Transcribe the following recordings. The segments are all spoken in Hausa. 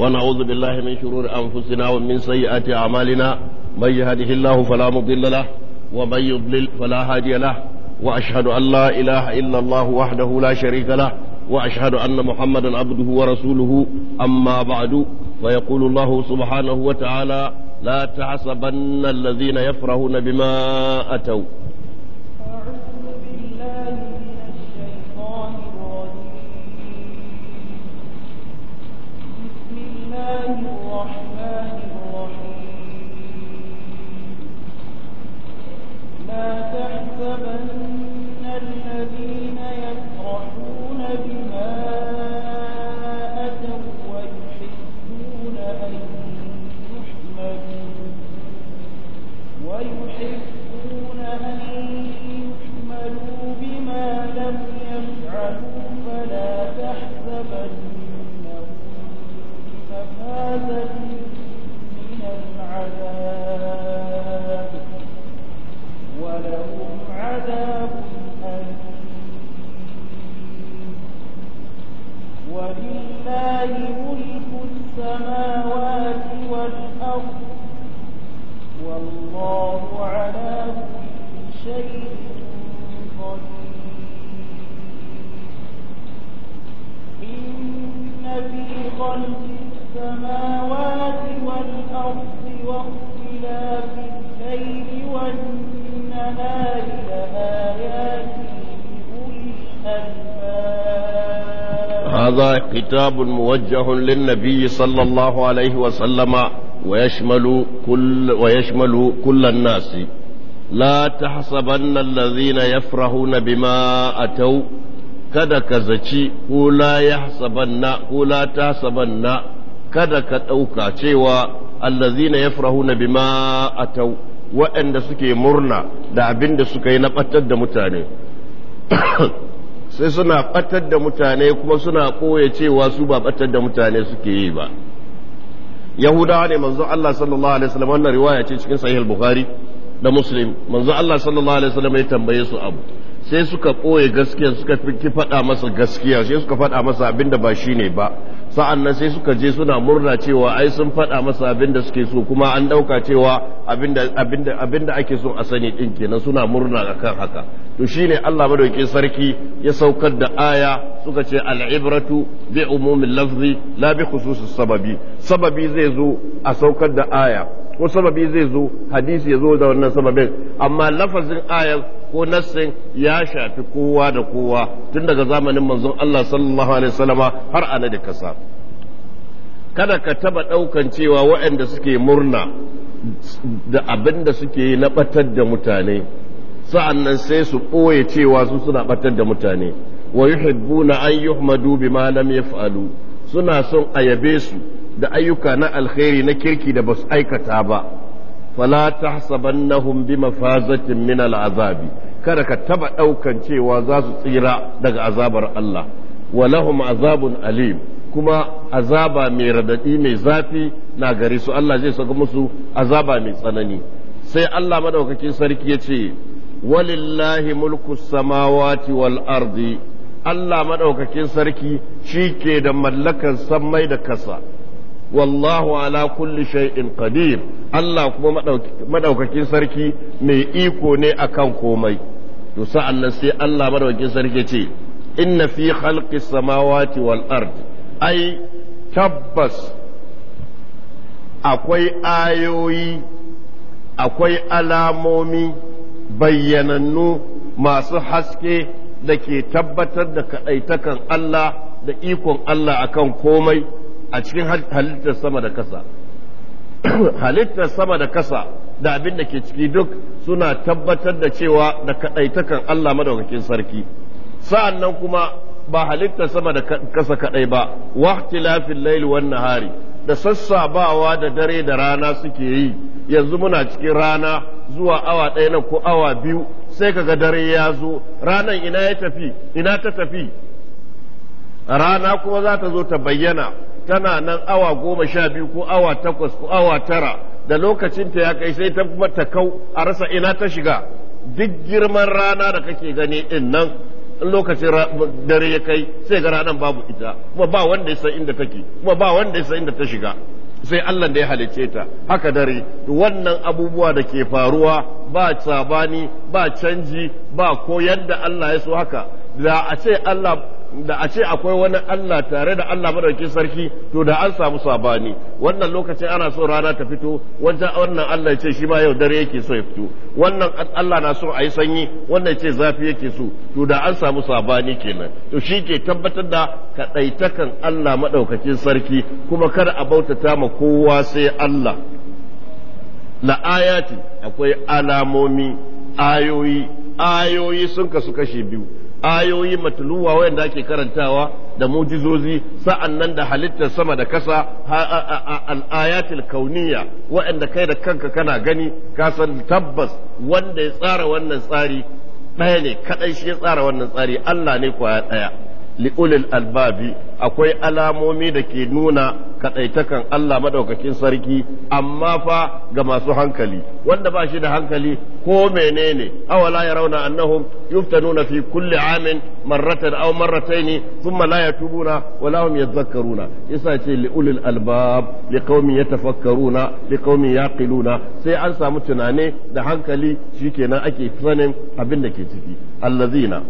ونعوذ بالله من شرور أنفسنا ومن سيئات أعمالنا من يهده الله فلا مضل له ومن يضلل فلا هادي له وأشهد أن لا إله إلا الله وحده لا شريك له وأشهد أن محمدا عبده ورسوله أما بعد فيقول الله سبحانه وتعالى لا تحسبن الذين يفرحون بما أتوا خلق السماوات والأرض واختلاف الليل والنهار لآيات لأولي الألباب هذا كتاب موجه للنبي صلى الله عليه وسلم ويشمل كل ويشمل كل الناس لا تحسبن الذين يفرحون بما أتوا kada ka zaci ko la yahsabanna ko la tahsabanna kada ka ɗauka cewa allazina yafrahuna bima atau waɗanda suke murna da abin da suka yi na ɓatar da mutane sai suna ɓatar da mutane kuma suna koya cewa su ba ɓatar da mutane suke yi ba yahudawa ne manzo Allah sallallahu alaihi wasallam wannan riwaya ce cikin sahih al-bukhari da muslim manzo Allah sallallahu alaihi wasallam ya tambaye su abu sai suka ɓoye gaskiya suka fi faɗa masa gaskiya sai suka faɗa masa abin da ba shi ne ba sa'an nan sai suka je suna murna cewa ai sun faɗa masa abin da suke so kuma an ɗauka cewa abinda ake so a sani ɗin kenan suna murna kan haka to shi ne Allah madauki sarki ya saukar da aya suka ce al'ibratu bi umumin lafzi la bi sababi sababi zai zo a saukar da aya ko sababi zai zo hadisi ya zo da wannan sababin amma lafazin ayar ko nassin ya shafi kowa da kowa tun daga zamanin manzon Allah sallallahu alaihi wasallama har ana da kasa kada ka taba daukan cewa waɗanda suke murna da abin da suke yi na batar da mutane sa'an nan sai su ɓoye cewa su suna batar da mutane wa yuhibbuna an yuhmadu bima lam yaf'alu suna son a su da ayyuka na alkhairi na kirki da basu aikata ba fala tahsabannahum bimafazatin mafazatin min al'azabi kada ka taba ɗaukan cewa za su tsira daga azabar Allah walahum azabun alim kuma azaba mai radadi mai zafi na gare su Allah zai saka musu azaba mai tsanani sai Allah madaukakin sarki ya ce walillahi mulku samawati wal ardi Allah madaukakin sarki shi ke da mallakan sammai da kasa wallahu ala kulli shay'in qadir Allah kuma madaukakin sarki mai iko ne akan komai to sa'an sai Allah madawakin sarki ce inna fi khalqis samawati wal ard ai tabbas akwai ayoyi akwai alamomi bayyanannu masu haske da ke tabbatar da kaɗaitakan Allah da ikon Allah akan komai a cikin halittar sama da kasa halittar sama da kasa da abin da ke ciki duk suna tabbatar da cewa da kaɗaitakan Allah madaukakin sarki sa'an nan kuma ba halitta sama da kasa kaɗai ba lafin laili wan nahari da sassabawa da dare da rana suke yi yanzu muna cikin rana zuwa awa ɗaya nan ko awa biyu sai kaga dare ya zo ranan ina ya tafi ina ta tafi rana kuma za ta zo ta bayyana tana nan awa goma sha biyu ko awa takwas ko awa tara da lokacinta ya kai sai ta kuma ta kau a rasa ina ta shiga duk girman rana da kake gani din nan lokacin dare ya kai sai ga ranar babu ita kuma ba wanda ya san inda take kuma ba wanda ya san inda ta shiga sai Allah da ya halicce ta haka dare wannan abubuwa da ke faruwa ba sabani ba canji ba ko yadda Allah ya so haka da a ce Allah da a ce akwai wani Allah tare da Allah madaukakin sarki to da an samu sabani wannan lokacin ana so rana ta fito wajen wannan Allah ya ce shi ma yau dare yake so ya fito wannan Allah na so a yi sanyi wannan ya ce zafi yake so to da an samu sabani kenan to shi ke tabbatar da kaɗaitakan Allah madaukakin sarki kuma kada a bautata ma kowa sai Allah la ayati akwai alamomi ayoyi ayoyi sun kasu kashe biyu ayoyi matuluwa wayanda ake karantawa da mujizozi sa'annan da halittar sama da kasa al'ayatul kauniya wayanda kai da kanka kana gani ka san tabbas wanda ya tsara wannan tsari ɗaya ne kaɗai shi ya tsara wannan tsari Allah ne kwaya ɗaya li'ulil albabi akwai alamomi da ke nuna kaɗaitakan Allah maɗaukakin sarki amma fa ga masu hankali wanda ba shi da hankali ko menene awala ya rauna annahum nuna fi kulli amin marratan aw marrataini thumma la yatubuna wa lahum yadhakkaruna yasa ce li'ulil albab liqaumin yatafakkaruna liqaumin yaqiluna sai an samu tunane da hankali shikenan ake sanin abin da ke ciki allazina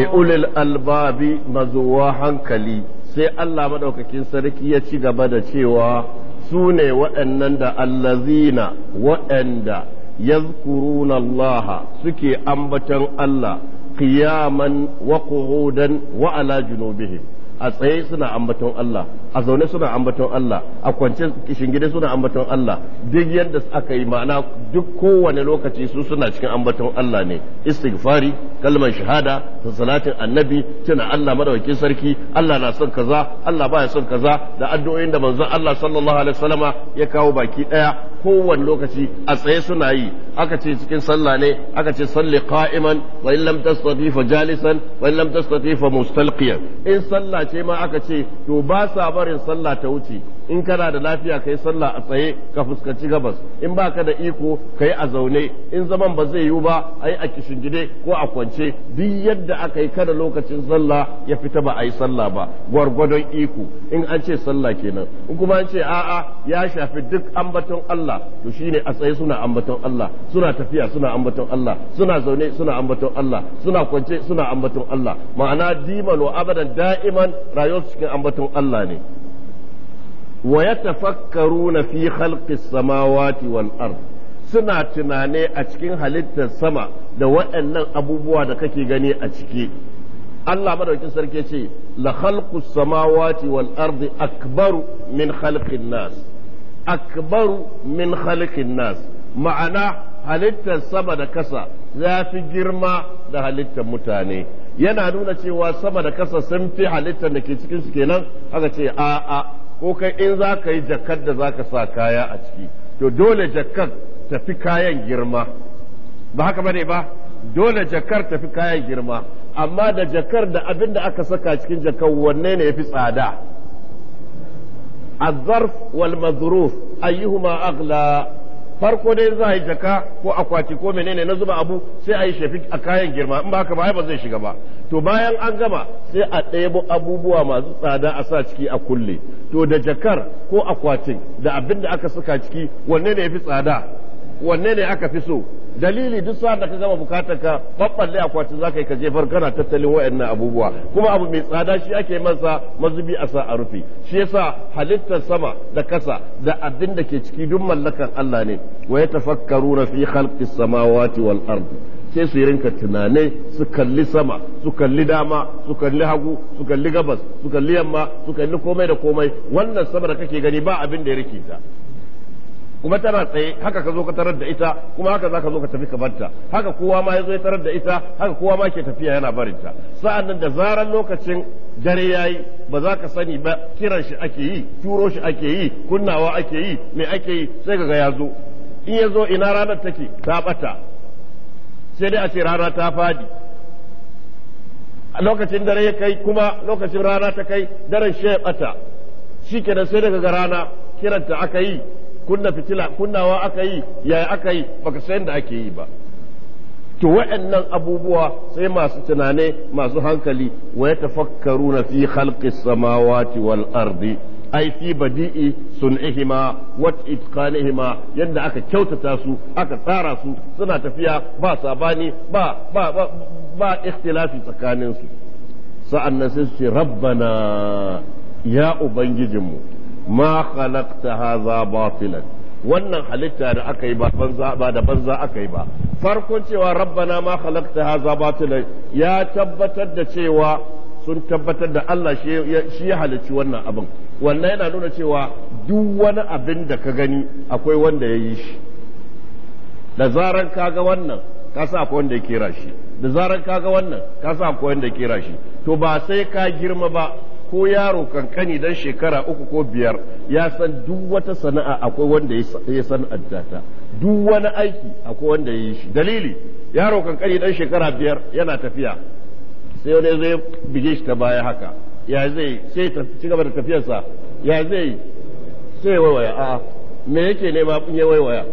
li'ulil albabi mazuwa hankali sai Allah maɗaukakin sarki ya ci gaba da cewa su ne waɗannan da allazina waɗanda yazkuruna Allah suke ambatan Allah qiyaman wa qu'udan wa ala junubihim a tsaye suna ambaton Allah a zaune suna ambaton Allah a kwance shingide suna ambaton Allah duk yadda aka yi ma'ana duk kowane lokaci su suna cikin ambaton Allah ne istighfari kalmar shahada da salatin annabi tuna Allah madaukakin sarki Allah na son kaza Allah baya son kaza da addu'o'in da manzon Allah sallallahu alaihi wasallama ya kawo baki daya kowane lokaci a tsaye suna yi aka ce cikin sallah ne aka ce salli qa'iman wa in lam tastati fa jalisan wa in lam tastati fa mustalqiyan in sallah ce ma aka ce to ba sa barin sallah ta wuce in kana da lafiya kai sallah a tsaye ka fuskanci gabas in baka da iko kai a zaune in zaman ba zai yiwu ba ai a kishingide ko a kwance duk yadda aka yi kada lokacin sallah ya fita ba a yi sallah ba gwargwadon iko in an ce sallah kenan in kuma an ce a'a ya shafi duk ambaton Allah to shine a tsaye suna ambaton Allah suna tafiya suna ambaton Allah suna zaune suna ambaton Allah suna kwance suna ambaton Allah ma'ana diman abadan da'iman rayuwar cikin ambaton Allah ne wa yatafakkaruna fi khalqis samawati wal ard suna tunane a cikin halittar sama da waɗannan abubuwa da kake gani a ciki Allah madaukin sarki ce la khalqus samawati wal arzi akbaru min khalqin nas akbaru min khalqin nas ma'ana halittar sama da kasa ya fi girma da halittar mutane yana nuna cewa sama da kasa sun fi halittar da ke cikin su kenan haka ce a'a ko kai in za ka yi jakar da za ka sa kaya a ciki to dole jakar tafi kayan girma ba haka bane ba dole jakar tafi kayan girma amma da jakar da abin da aka saka cikin jakar wanne ne ya fi tsada A zarf wal والمظروف ayyuhuma agla. farko dai za a yi jaka ko akwati ko menene na zuba abu sai a yi shafi a kayan girma in ba haka ba ba zai shiga ba to bayan an gama sai a ɗebo abubuwa masu tsada a sa ciki a kulle to da jakar ko akwatin da abin da aka saka ciki wanne ne ya fi tsada wanne ne aka fi so dalili duk sa da ka gama bukatar ka babballe akwatin za ka yi ka jefar kana tattalin wa'annan abubuwa kuma abu mai tsada shi ake masa mazubi a sa a rufe shi yasa halittar sama da kasa da abin da ke ciki duk mallakan Allah ne wa na fi khalqi samawati wal ardi sai su rinka tunanai su kalli sama su kalli dama su kalli hagu su kalli gabas su kalli yamma su kalli komai da komai wannan sama da kake gani ba abin da ya rike ta kuma tana tsaye haka ka zo ka tarar da ita kuma haka za ka zo ka tafi ka barta haka kowa ma ya zo ya tarar da ita haka kowa ma ke tafiya yana ta sa'an nan da zarar lokacin dare yayi ba za ka sani ba kiran shi ake yi turo shi ake yi kunnawa ake yi me ake yi sai ga ya zo in ya zo ina ranar take ta bata sai dai a ce rana ta fadi lokacin dare ya kai kuma lokacin rana ta kai daren shi ya bata shi kenan sai daga rana kiranta aka yi kunna fitila kunnawa aka yi yaya aka yi baka san da ake yi ba to waɗannan abubuwa sai masu tunane masu hankali wa ya tafakkaru na fi khalqis samawati wal ardi ai fi badi'i sun'ihima wa itqanihima yadda aka kyautata su aka tsara su suna tafiya ba sabani ba ba ba, ikhtilafi tsakanin su sa'an sai su ce rabbana ya ubangijinmu ما خلقت هذا باطلا wannan halitta da aka yi ba da banza aka yi ba farkon cewa rabbana ma khalaqta hadha batila ya tabbatar da cewa sun tabbatar da Allah shi ya halicci wannan abin wannan yana nuna cewa duk wani abin da ka gani akwai wanda ya yi shi da zaran kaga wannan ka sa akwai wanda ya kera shi da zaran kaga wannan ka sa akwai wanda ya kera shi to ba sai ka girma ba ko yaro kankani dan shekara uku ko biyar ya san duk wata sana'a akwai wanda ya san addata duk wani aiki akwai wanda ya yi shi dalili yaro kankani dan shekara biyar yana tafiya sai wani zai bige shi ta baya haka ya zai sai ci gaba da tafiyarsa ya zai sai waiwaya a'a me yake nema in ya waiwaya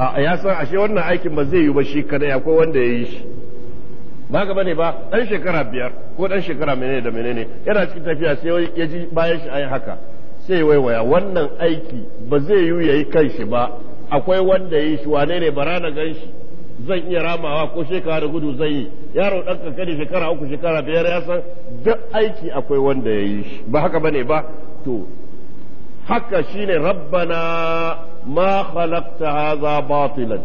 a ya san ashe wannan aikin ba zai yi ba shi kada akwai wanda ya yi shi ba bane ba dan shekara biyar ko dan shekara menene da menene yana cikin tafiya sai ya ji bayan shi ayi haka sai waiwaya wannan aiki ba zai yi yayi kan shi ba akwai wanda yi shi wane ne bara na gan shi zan iya ramawa ko shekara da gudu zan yi yaro dan kankani shekara uku shekara biyar ya san duk aiki akwai wanda ya yi shi ba haka bane ba to haka shine rabbana ma khalaqta hadha batilan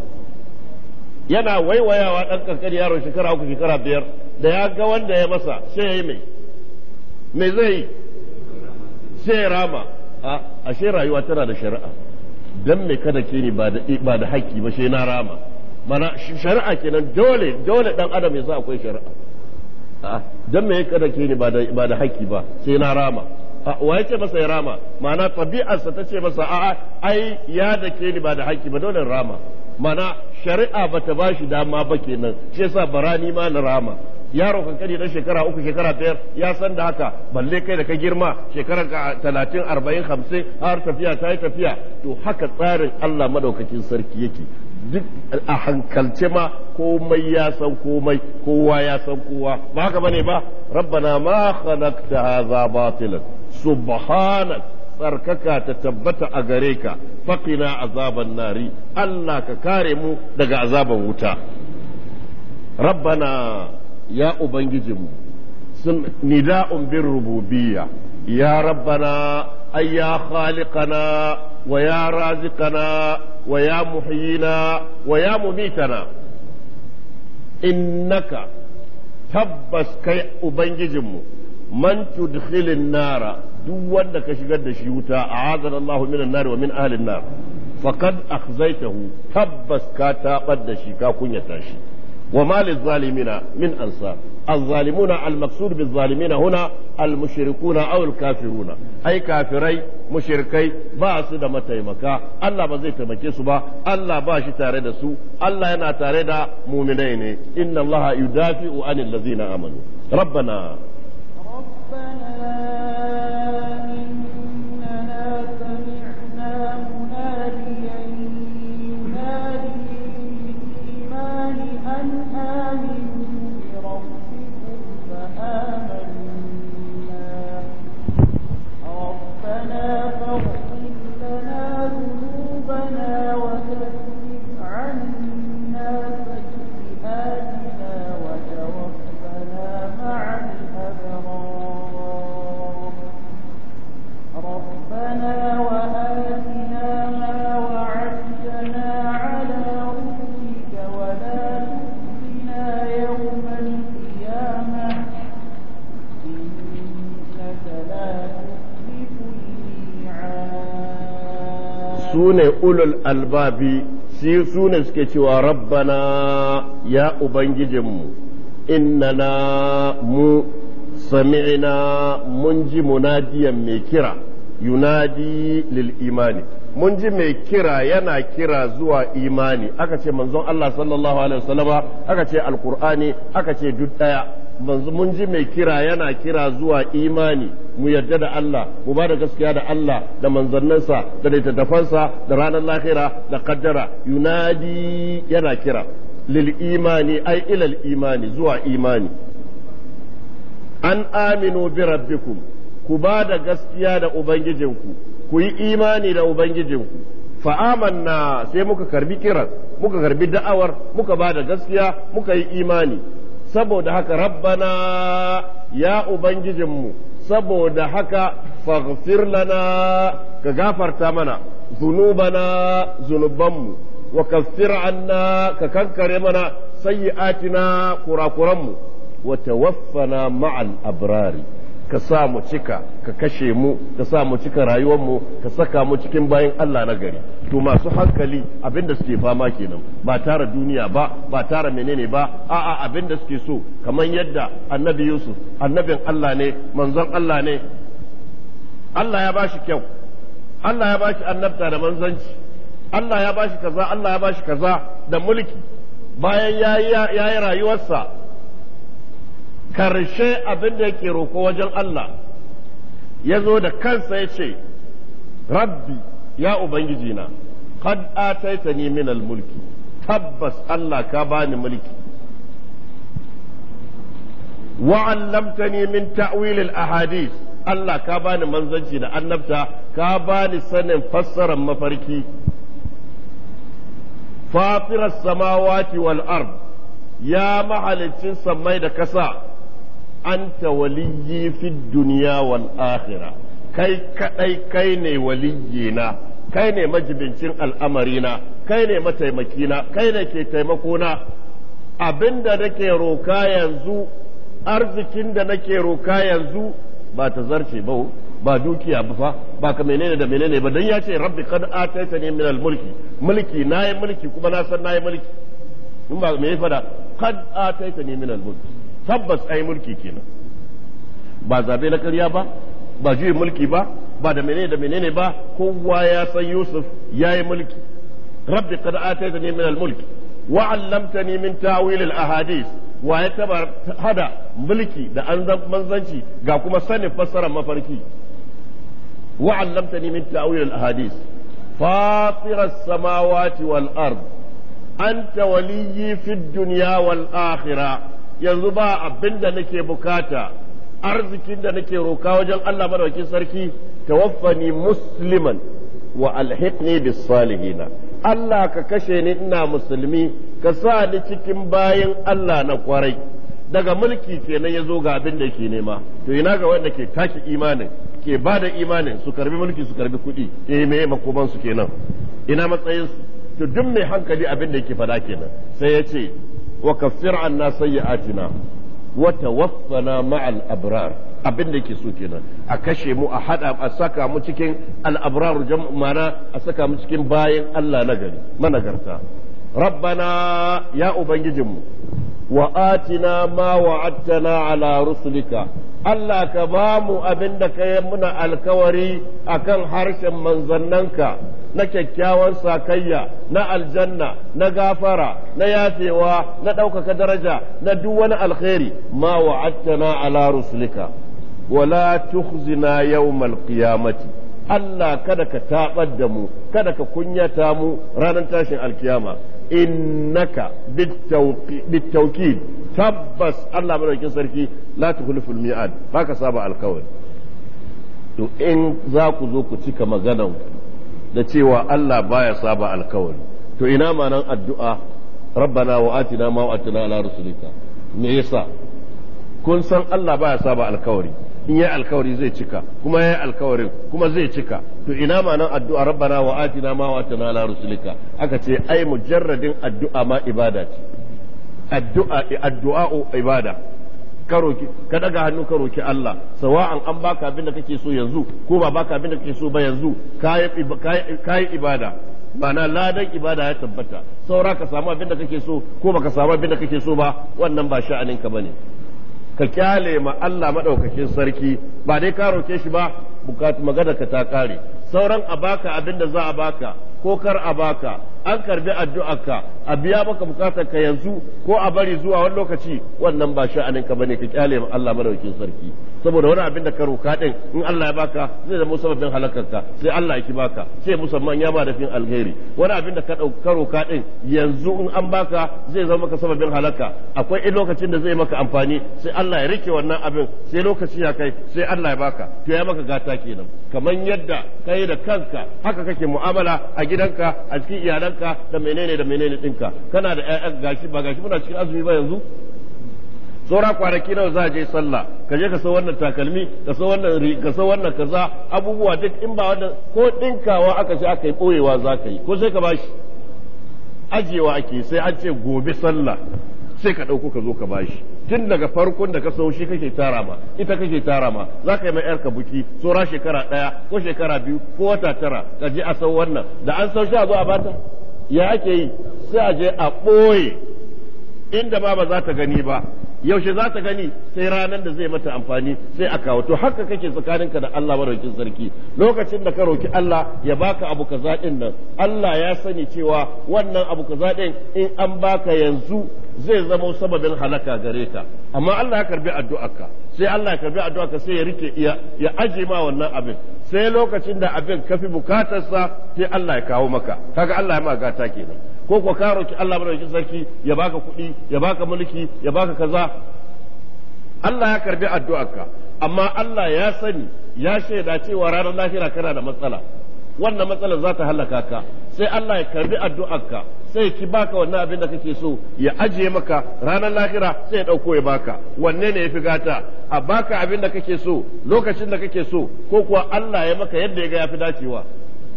yana waiwayawa ɗan kankani yaron shekara uku shekara biyar da ya ga wanda ya masa sai ya yi mai me zai yi sai ya rama a ashe rayuwa tana da shari'a dan me kada ke ni ba da haƙƙi ba sai na rama mana shari'a kenan dole dole dan adam ya sa akwai shari'a dan me kada ke ni ba da haƙƙi ba sai na rama wa ya ce masa ya rama ma'ana tabi'arsa ta ce masa a'a ai ya da ke ni ba da haƙƙi ba dole rama mana shari'a bata ba shi dama ba kenan shi yasa barani ma na rama yaro kankani na shekara uku shekara biyar ya san da haka balle kai da ka girma shekara talatin arba'in hamsin har tafiya ta yi tafiya to haka tsarin Allah madaukakin sarki yake duk a hankalce ma komai ya san komai kowa ya san kowa ba haka bane ba rabbana ma khalaqta hadha batilan subhanak tsarkaka ta tabbata a gare ka faƙina azaban nari Allah ka kare mu daga azaban wuta rabbana ya ubangijinmu sun nida'un bin rububiyya ya rabbana ay ya khaliqana wa ya raziqana wa ya muhyina wa ya mumitana innaka tabbas kai ubangijinmu man tudkhilin nara duk wanda ka shigar da shi wuta a'azana Allahu minan nar wa min fakad nar faqad akhzaytahu tabbas ka tabar da shi ka kunya ta shi wa ma zalimina min ansar الظالمون المقصود بالظالمين هنا المشركون او الكافرون اي كافري مشركي ba su da mataimaka Allah ba zai taimake su ba Allah ba shi tare da su Allah yana tare da muminai ne inna Allah yudafi'u anil ladzina amanu rabbana ulul albabi shi su suke cewa rabbana ya ubangijinmu innana mu sami'ina mun ji munadiyan mai kira yunadi lil imani mun ji mai kira yana kira zuwa imani aka ce manzon Allah sallallahu alaihi wasallama aka ce alkur'ani aka ce duk daya manzo mun ji mai kira yana kira zuwa imani mu yarda da Allah mu ba da gaskiya da Allah da manzannansa da littattafansa da ranar lahira da kaddara yunadi yana kira lil imani ai ilal imani zuwa imani an aminu bi rabbikum ku ba da gaskiya da ubangijinku ku yi imani da ubangijinku na sai muka karbi kiran muka karbi da'awar muka ba da gaskiya muka yi imani saboda haka rabbana ya ubangijinmu saboda haka faghfir lana ka gafarta mana zunubana zunubanmu wa kaffir anna ka kankare mana sayyi'atina kurakuranmu wa tawaffana ma'al abrari ka sa mu cika ka kashe mu ka sa mu cika rayuwar mu ka saka mu cikin bayan Allah na gari to masu hankali abinda suke fama kenan ba tara duniya ba ba tara menene ba a'a abinda suke so kamar yadda annabi Yusuf annabin Allah ne manzon Allah ne Allah ya ba shi kyau Allah ya ba shi annabta da manzanci Allah ya shi kaza Allah ya shi kaza da mulki bayan ya yi rayuwarsa karshe abin da yake roko wajen Allah ya zo da kansa ya ce rabbi ya ubangiji na qad ni min mulki tabbas Allah ka bani mulki wa 'allamtani min ta'wil ahadith Allah ka bani manzanci da annabta ka bani sanin fassarar mafarki fatirar samawati wal ard ya mahalicin samai da kasa anta waliyyi fi duniya wal akhira kai kadai kai ne waliyyina kai ne majibincin al'amarina kai ne mataimakina kai ne ke taimakona abinda nake roka yanzu arzikin da nake roka yanzu ba ta zarce ba ba dukiya ba fa ba ka menene da menene ba dan ya ce rabbi kad ataitani min al mulki mulki nayi mulki kuma na san nayi mulki in ba me ya fada kad ataitani min al mulki tabbas ai mulki kenan ba zabe na ƙarya ba ba juyin mulki ba ba da menene da menene ba kowa ya san Yusuf ya yi mulki rabbi qad ataytani min al-mulk wa 'allamtani min ta'wil al-ahadith wa ya taba hada mulki da an manzanci ga kuma sani fassarar mafarki wa 'allamtani min ta'wil al-ahadith فاطر السماوات والأرض أنت fid في wal والآخرة yanzu ba abin da nake bukata arzikin da nake roka wajen Allah madaukakin sarki tawaffani musliman wa alhiqni bis salihina Allah ka kashe ni ina musulmi ka sa ni cikin bayan Allah na kwarai daga mulki kenan yazo ga abin da ke nema to ina ga wanda ke taki imanin ke bada imanin su karbi mulki su karbi kuɗi eh me makoban su kenan ina matsayin su to duk mai hankali abin da yake fada kenan sai ya ce وكفر عنا سيئاتنا وتوفنا مع الأبرار abin da ke so kenan a kashe mu a hada a saka mu cikin al'abrar mana a saka mu cikin bayan Allah na gari managarta rabbana ya ubangijinmu wa atina ma wa'adtana ala rusulika Allah ka ba mu abin da ka yi muna alkawari akan harshen manzannanka na kyakkyawar sakayya na aljanna na gafara na yafewa na ɗaukaka daraja na duk wani alkhairi ma attana ala rusulika wala tukhzina yawmal qiyamati Allah kada ka taɓar da mu kada ka kunyata mu ranar tashin alkiyama innaka bitawkid tabbas Allah madaukakin sarki la tukhliful mi'ad baka saba alkawari to in za ku zo ku cika maganan ku da cewa Allah baya saba alkawari to ina ma nan addu'a rabbana wa atina ma wa atina ala rusulika me yasa kun san Allah baya saba alkawari in yi alkawari zai cika kuma yayi alkawarin kuma zai cika to ina ma nan addu'a rabbana wa atina ma wa atina ala rusulika aka ce ai mujarradin addu'a ma ibada ce addu'a addu'a ibada ka roki ka daga hannu ka roki Allah sawa'an an baka abin da kake so yanzu ko ba baka abin da kake so ba yanzu kayi ibada na ladan ibada ya tabbata saura ka samu abin da kake so ko baka samu abin da kake so ba wannan ba sha'anin ka bane ka kyale ma Allah madaukakin sarki ba dai ka roke shi ba bukatu magana ka ta kare sauran a baka abin da za a baka ko kar a baka an karbi addu'arka a biya maka bukatar ka yanzu ko a bari zuwa wani lokaci wannan ba sha'anin ka bane ka kyale ma Allah madaukakin sarki saboda wani abin da ka roka din in Allah ya baka zai zama sababin halakarka sai Allah ya ki baka sai musamman ya ba da fin alheri wani abin da ka ka roka din yanzu in an baka zai zama maka sababin halaka akwai in lokacin da zai maka amfani sai Allah ya rike wannan abin sai lokaci ya kai sai Allah ya baka to ya maka gata kenan kamar yadda kai da kanka haka kake mu'amala a gidanka a cikin iyalanka da menene da menene dinka kana da ƴaƴa gashi ba gashi muna cikin azumi ba yanzu saura kwanaki nawa za a je sallah ka je ka san wannan takalmi ka san wannan ka wannan kaza abubuwa duk in ba wannan ko dinkawa aka ce aka yi boyewa za ka yi ko sai ka bashi ajiyewa ake sai an ce gobe sallah sai ka ɗauko ka zo ka bashi tun daga farkon da ka sau shi kake tara ma ita kake tara ma za ka yi mai yarka buki saura shekara ɗaya ko shekara biyu ko wata tara ka je a san wannan da an san shi a zo a bata ya ake yi sai a je a ɓoye inda ma ba za ta gani ba yaushe za ta gani sai ranar da zai mata amfani sai a kawo to haka kake tsakaninka da Allah maraukin sarki lokacin da ka roki Allah ya baka abu kaza din nan Allah ya sani cewa wannan abu kaza din in an baka yanzu zai zama sababin halaka gare ta amma Allah ya karbi addu'arka sai Allah ya karbi addu'arka sai ya rike iya ya aje ma wannan abin sai lokacin da abin kafi bukatarsa sai Allah ya kawo maka kaga Allah ya ta kenan ko ko ka roki Allah madaukakin sarki ya baka kuɗi ya baka mulki ya baka kaza Allah ya karbi addu'arka amma Allah ya sani ya shaida cewa ranar lahira kana da matsala wannan matsalar za ta halaka ka sai Allah ya karbi addu'arka sai ki baka wannan abin da kake so ya ajiye maka ranar lahira sai ya dauko ya baka wanne ne yafi gata a baka abin da kake so lokacin da kake so ko kuwa Allah ya maka yadda ya ga yafi dacewa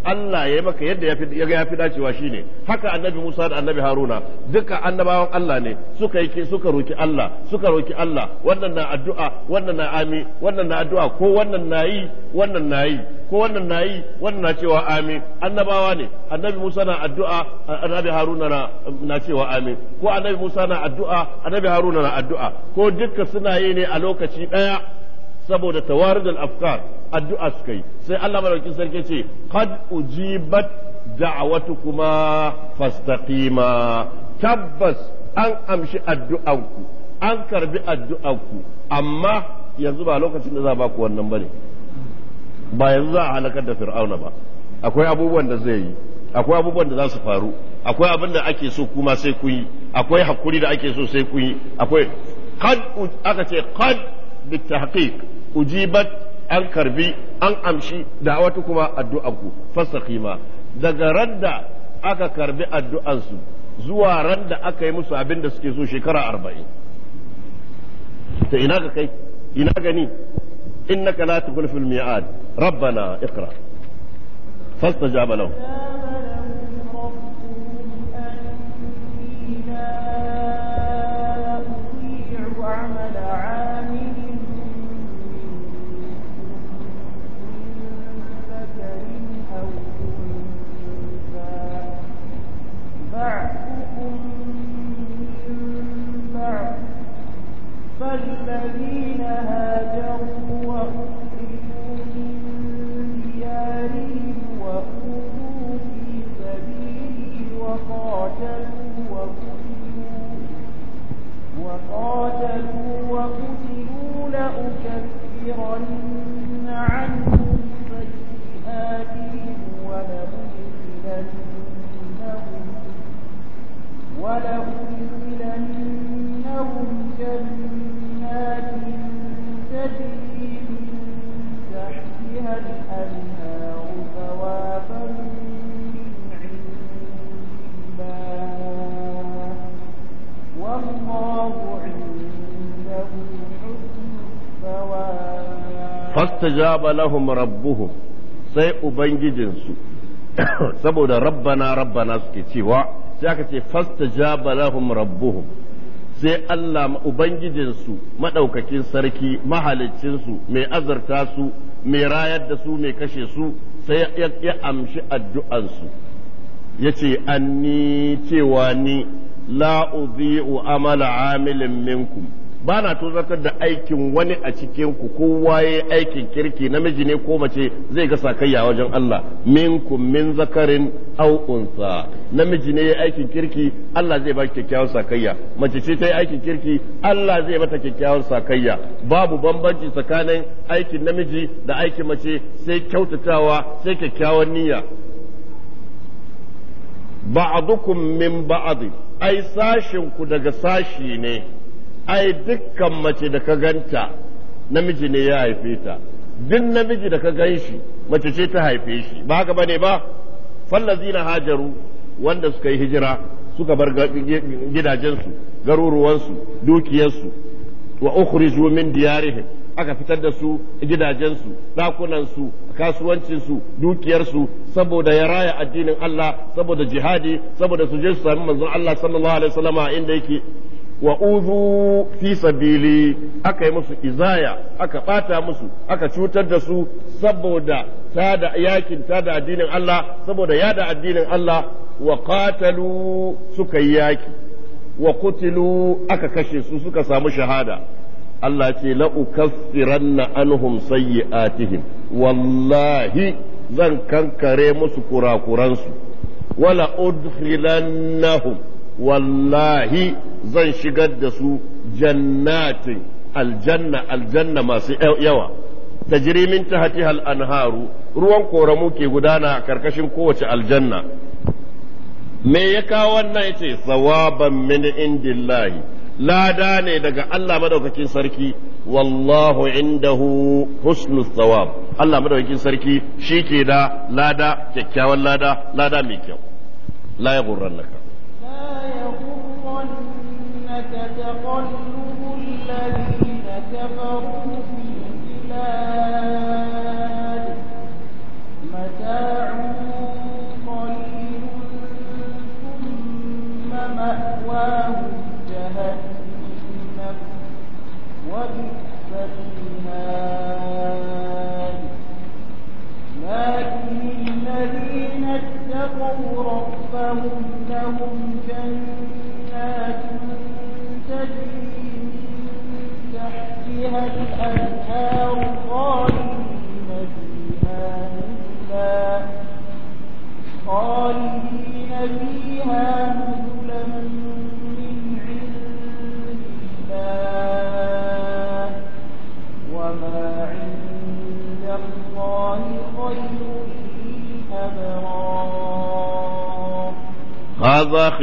Allah ya yi maka yadda ya ga yafi dacewa ne haka annabi Musa da annabi Haruna duka annabawan Allah ne suka yi suka roki Allah suka roki Allah wannan na addu'a wannan na ami wannan na addu'a ko wannan na yi wannan na yi ko wannan na yi wannan na cewa amin annabawa ne annabi Musa na addu'a annabi Haruna na cewa amin ko annabi Musa na addu'a annabi Haruna na addu'a ko duka suna yi ne a lokaci daya saboda tawaridul afkar addu'a suka yi sai Allah madaukakin sarki ce qad ujibat da'watukuma fastaqima tabbas an amshi addu'anku an karbi addu'anku amma yanzu ba lokacin da za ba ku wannan bane ba yanzu za a halakar da fir'auna ba akwai abubuwan da zai yi akwai abubuwan da za su faru akwai abin da ake so kuma sai kun yi akwai hakuri da ake so sai kun yi akwai kad aka ce kad بالتحقيق أجيبت an karbi an amshi da da'awatu kuma addu'anku fasakima daga randa aka karbi addu'ansu zuwa randa aka yi musu abin da suke so shekara arba'in ta ina ka kai ina gani innaka la tukhlifu al-mi'ad rabbana iqra fastajaba lahu fastajaba lahum rabbuhum sai ubangijinsu saboda rabbana rabbana suke cewa sai aka ce fastajaba lahum rabbuhum sai Allah ubangijinsu madaukakin sarki mahaliccinsu mai azarta su mai rayar da su mai kashe su sai ya amshi addu'ansu ya ce anni cewa ni la udhi'u amala amilin minkum ba na tozartar da aikin wani a cikin ku kowa ya aikin kirki namiji ne ko mace zai ga sakayya wajen Allah minkum min zakarin aw unsa namiji ne ya aikin kirki Allah zai ba kyakkyawan sakayya mace ce ta yi aikin kirki Allah zai mata kyakkyawan sakayya babu bambanci tsakanin aikin namiji da aikin mace sai kyautatawa sai kyakkyawan niyya ba'dukum min ba'd ai sashin ku daga sashi ne ai dukkan mace da ka ganta namiji ne ya haife ta duk namiji da ka gan shi mace ce ta haife shi ba haka bane ba fallazina hajaru wanda suka yi hijira suka bar gidajensu garuruwansu dukiyarsu wa ukhrizu min diyarihim aka fitar da su gidajensu ɗakunansu kasuwancinsu dukiyarsu saboda ya raya addinin Allah saboda jihadi saboda su je su sami manzon Allah sallallahu alaihi wasallama inda yake wa uzu fi sabili aka yi musu izaya aka bata musu aka cutar da su saboda tada yakin tada addinin Allah saboda yada addinin Allah wa qatalu suka yi yaki wa kutilu aka kashe su suka samu shahada Allah ce la ukaffiranna anhum sayyi'atihim wallahi zan kankare musu kurakuransu wala udkhilannahum wallahi zan shigar da su jannatin aljanna aljanna masu yawa tajri min tahtiha anharu ruwan koramu ke gudana a karkashin kowace aljanna me ya kawo wannan yace sawaban min indillahi lada ne daga Allah madaukakin sarki wallahu indahu husnu thawab Allah madaukakin sarki shi ke da lada kyakkyawan lada lada mai kyau la yaghurrannaka يَعْجِبَنَّكَ تَقَلُّبُ الَّذِينَ كَفَرُوا فِي الْبِلَادِ مَتَاعٌ قَلِيلٌ ثُمَّ مَأْوَاهُمْ جَهَنَّمُ وَبِئْسَ الْمِهَادُ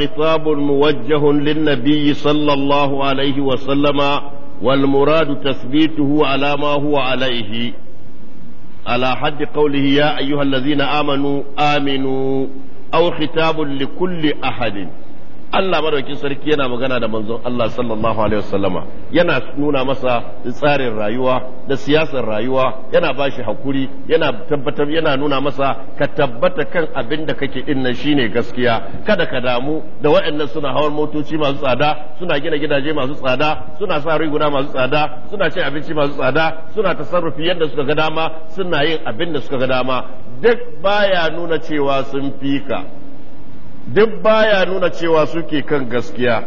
خطاب موجه للنبي صلى الله عليه وسلم والمراد تثبيته على ما هو عليه على حد قوله يا أيها الذين آمنوا آمنوا أو خطاب لكل أحد Allah madaukin sarki yana magana da manzon Allah sallallahu alaihi wasallama yana nuna masa tsarin rayuwa da siyasar rayuwa yana bashi hakuri yana tabbatar yana nuna masa ka tabbata kan abin da kake din nan shine gaskiya kada ka damu da waɗannan suna hawan motoci masu tsada suna gina gidaje masu tsada suna sa riguna masu tsada suna cin abinci masu tsada suna tasarrufi yadda suka ga dama suna yin abin da suka ga dama duk baya nuna cewa sun fika duk baya nuna cewa suke kan gaskiya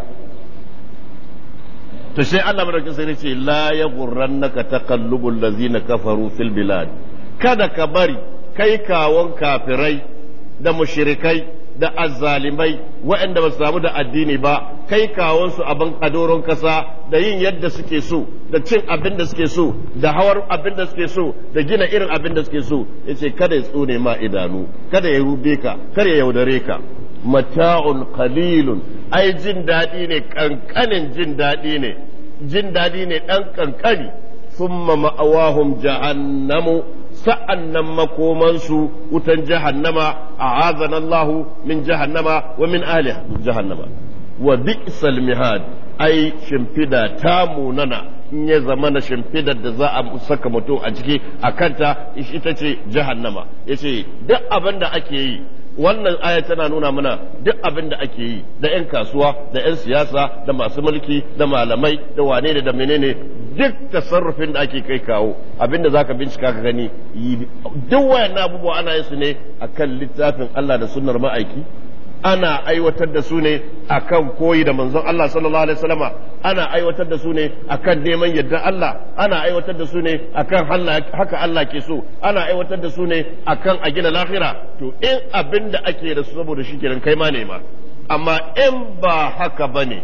to sai Allah madaukakin sai ce la yaghurrannaka taqallubul ladzina kafaru fil bilad kada ka bari kai kawon kafirai da mushrikai da azzalimai waɗanda ba su samu da addini ba kai kawonsu a doron kasa da yin yadda suke so da cin abin da suke so da hawar abin da suke so da gina irin abin da suke so ya ce kada ya tsone ma idanu kada ya rube ka kada ya yaudare ka mata'un qalilun ai jin daɗi ne kankanin jin daɗi ne jin daɗi ne ɗan kankani summa ma'awahum jahannamu Sa'annan makoman makomansu wutan jahannama a azanallahu min jahannama wa min ahli jahannama wa bi'sal mihad ai shimfida ta munana in ya zama na shimfidar da za a saka mutum a ciki a kanta ita ce jahannama ya ce duk abin da ake yi wannan aya tana nuna mana duk abin da ake yi da 'yan kasuwa da 'yan siyasa da masu mulki da malamai da wane da menene duk tasarrufin da ake kai kawo abin da ka bincika ka gani duk wayannan abubuwa ana yin su ne akan littafin Allah da sunnar ma'aiki ana aiwatar da su ne akan koyi da manzon Allah sallallahu alaihi wasallama ana aiwatar da su ne akan neman yadda Allah ana aiwatar da su ne akan haka Allah ke so ana aiwatar da su ne akan a gina lahira to in abin da ake da su saboda shi kenan kai ma nema amma in ba haka ba ne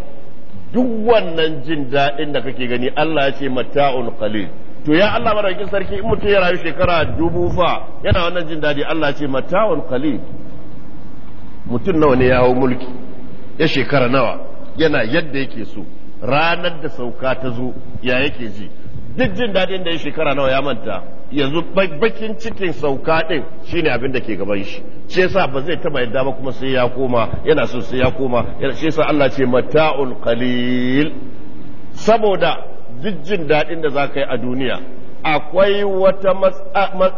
duk wannan jin daɗin da kake gani Allah ya ce mata'un qalil to ya Allah madaukakin sarki in mutum ya rayu shekara dubu fa yana wannan jin daɗi Allah ce mata'un qalil mutum nawa ne ya hau mulki ya shekara nawa yana yadda yake so ranar da sauka ta zo ya yake ji duk jin daɗin da ya shekara nawa ya manta yanzu bakin cikin sauka ɗin shine abin da ke gaban shi shi yasa ba zai taba yadda ba kuma sai ya koma yana so sai ya koma shi yasa Allah ce mata'un qalil saboda duk jin daɗin da za ka yi a duniya akwai wata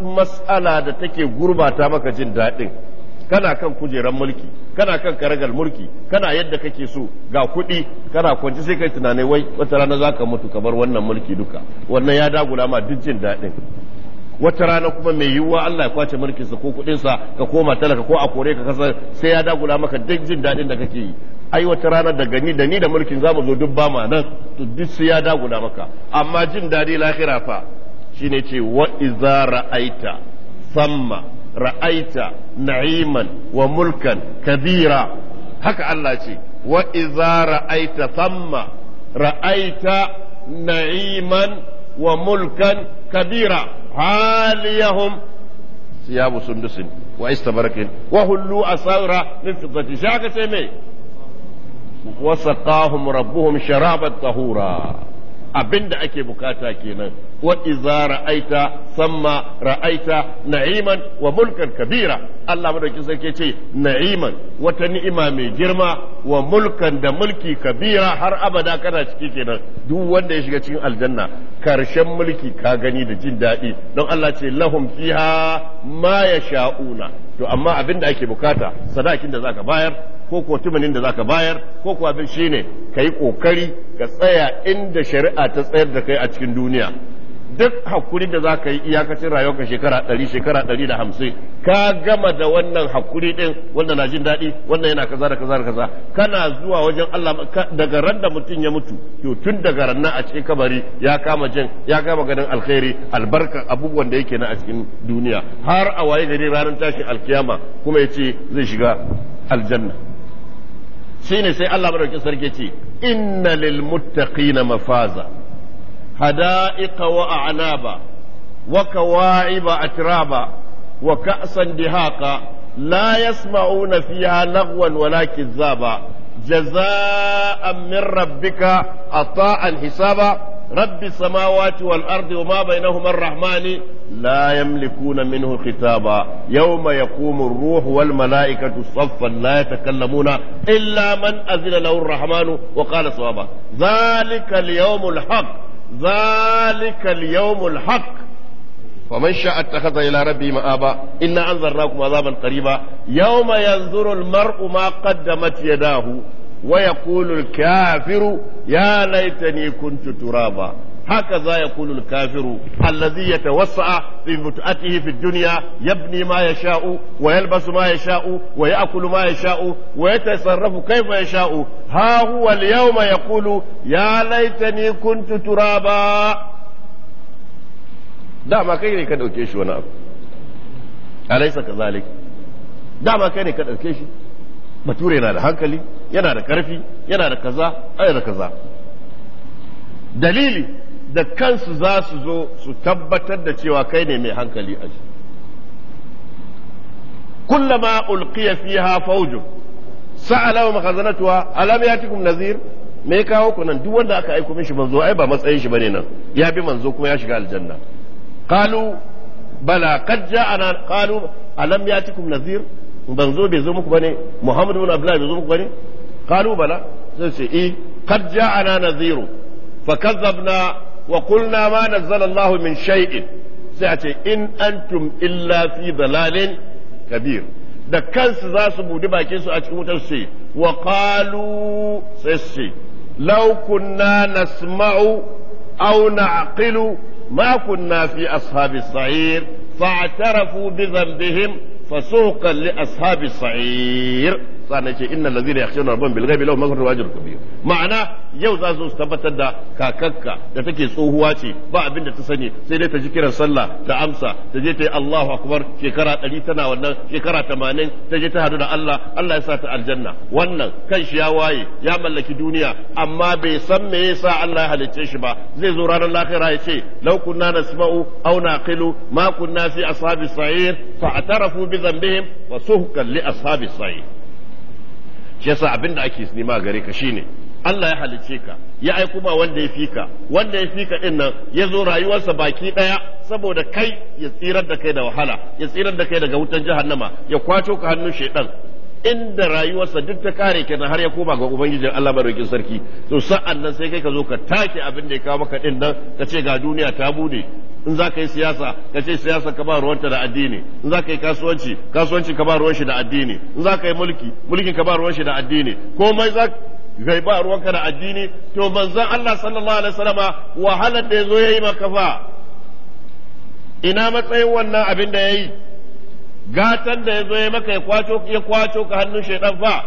mas'ala da take gurbata maka jin daɗin kana kan kujerar mulki kana kan karagar mulki kana yadda kake so ga kuɗi kana kwanci sai kai tunanai wai wata rana za ka mutu kamar wannan mulki duka wannan ya dagula ma duk jin daɗin wata rana kuma mai yiwuwa Allah ya kwace sa ko sa ka koma talaka ko a kore ka kasar sai ya dagula maka duk jin daɗin da kake yi ai wata rana da gani da ni da mulkin za mu zo duk ba ma nan to duk sai ya dagula maka amma jin daɗi lahira fa shine ce wa iza ra'aita samma ra'aita na'iman wa mulkan kabira haka Allah ce wa iza ra'aita thamma ra'aita na'iman wa mulkan kabira haliyahum siyabu sundusin wa istabarakin wa hullu asawira min fiddati shaka ce me wasaqahum rabbuhum sharabat tahura abinda ake bukata kenan wa iza ra'aita samma ra'aita na'iman wa mulkan kabira Allah madauki sarki ce na'iman wata ni'ima mai girma wa mulkan da mulki kabira har abada kana ciki kenan duk wanda ya shiga cikin aljanna karshen mulki ka gani da jin daɗi don Allah ce lahum fiha ma yasha'una to amma abin da ake bukata sadakin da zaka bayar ko ko tumanin da zaka bayar ko ko abin shine kai kokari ka tsaya inda shari'a ta tsayar da kai a cikin duniya duk hakuri da za ka yi iyakacin rayuwarka shekara ɗari shekara ɗari da hamsin ka gama da wannan hakuri ɗin wannan na jin daɗi wannan yana kaza da kaza da kaza kana zuwa wajen Allah daga ran da mutum ya mutu to tun daga ran a cikin kabari ya kama jin ya kama ganin alkhairi albarka abubuwan da yake na a cikin duniya har a waye gari ranar tashin alkiyama kuma ya ce zai shiga aljanna shine sai Allah madaukakin sarki ce inna lil muttaqina mafaza حدائق وأعنابا وكواعب أترابا وكأسا دهاقا لا يسمعون فيها لغوا ولا كذابا جزاء من ربك عطاء حسابا رب السماوات والأرض وما بينهما الرحمن لا يملكون منه خطابا يوم يقوم الروح والملائكة صفا لا يتكلمون إلا من أذن له الرحمن وقال صوابا ذلك اليوم الحق ذلك اليوم الحق فمن شاء اتخذ إلى ربه مآبا إنا أنذرناكم عذابا قريبا يوم ينظر المرء ما قدمت يداه ويقول الكافر يا ليتني كنت ترابا Haka za ya kulul kafiru. allazi ya tawassa'a a yanzu a ki yi duniya. Yabani ma ya shau Wayal basu ma ya sha'o. Wayi Akulu ma ya shau Waye ta ya sarrafu ya sha'o? Hahuwal yau ma ya Kulu ya laifeni kun tutura Dama kai ne ka ɗauke shi wani abu. A laifata Dama kai ne ka ɗauke shi. Bature na da hankali, yana da ƙarfi, yana da kaza, a'ida kaza. Dalili. da kansu za su zo su tabbatar da cewa kai ne mai hankali a shi kullama ulqiya fiha fawjun sa'alahum makhazanatuha alam yatikum nazir me kawo ku nan duk wanda aka aiko mishi manzo ai ba matsayin shi bane nan ya bi manzo kuma ya shiga aljanna qalu bala qad ja'ana qalu alam yatikum nazir manzo bai zo muku bane muhammadu ibn abdullah bai zo muku bane qalu bala sai ce eh qad ja'ana nazir فكذبنا wa qulna ma nazzala Allah min shay'in sai a ce in antum illa fi dalalin kabir da kansu za su budi bakin su a cikin wutar su wa qalu sai su law kunna nasma'u aw na'qilu ma kunna fi ashabi sa'ir fa'tarafu bi dhanbihim fasuqan li ashabi sa'ir sannan ce innal ladhina yakhshawna rabbahum bil ghaibi lahum maghfirun wa ajrun kabir ma'ana yau za su tabbatar da kakakka da take tsohuwa ce ba abin da ta sani sai dai ta ji kiran sallah ta amsa ta je ta yi Allahu akbar shekara ɗari tana wannan shekara tamanin ta je ta hadu da Allah Allah ya sa ta aljanna wannan kan shi ya waye ya mallaki duniya amma bai san me yasa Allah ya halicce shi ba zai zo ranar lahira ya ce law kunna nasma'u aw naqilu ma kunna fi ashabis sa'ir fa atarafu bi dhanbihim wa suhkan li ashabis sa'ir shi yasa abin da ake nema gare ka shine Allah ya halice ka ya aiko ba wanda ya fika wanda ya fika din nan ya zo rayuwarsa baki daya saboda kai ya tsirar da kai da wahala ya tsirar da kai daga wutan jahannama ya kwato ka hannun shaidan inda rayuwarsa duk ta kare kenan har ya koma ga ubangijin Allah madaukakin sarki to sa'an nan sai kai ka zo ka take abin da ya kawo maka din nan ka ce ga duniya ta bude in za ka yi siyasa ka ce siyasa ka ba ruwanta da addini in za ka yi kasuwanci kasuwanci ka ba ruwan shi da addini in za ka yi mulki mulkin ka ba ruwan shi da addini komai za zai ba ruwanka da addini to manzon Allah sallallahu alaihi wasallama wahalar da yazo yayi maka fa ina matsayin wannan abin da yayi gatan da yazo yayi maka ya kwato ya kwato ka hannun shaydan fa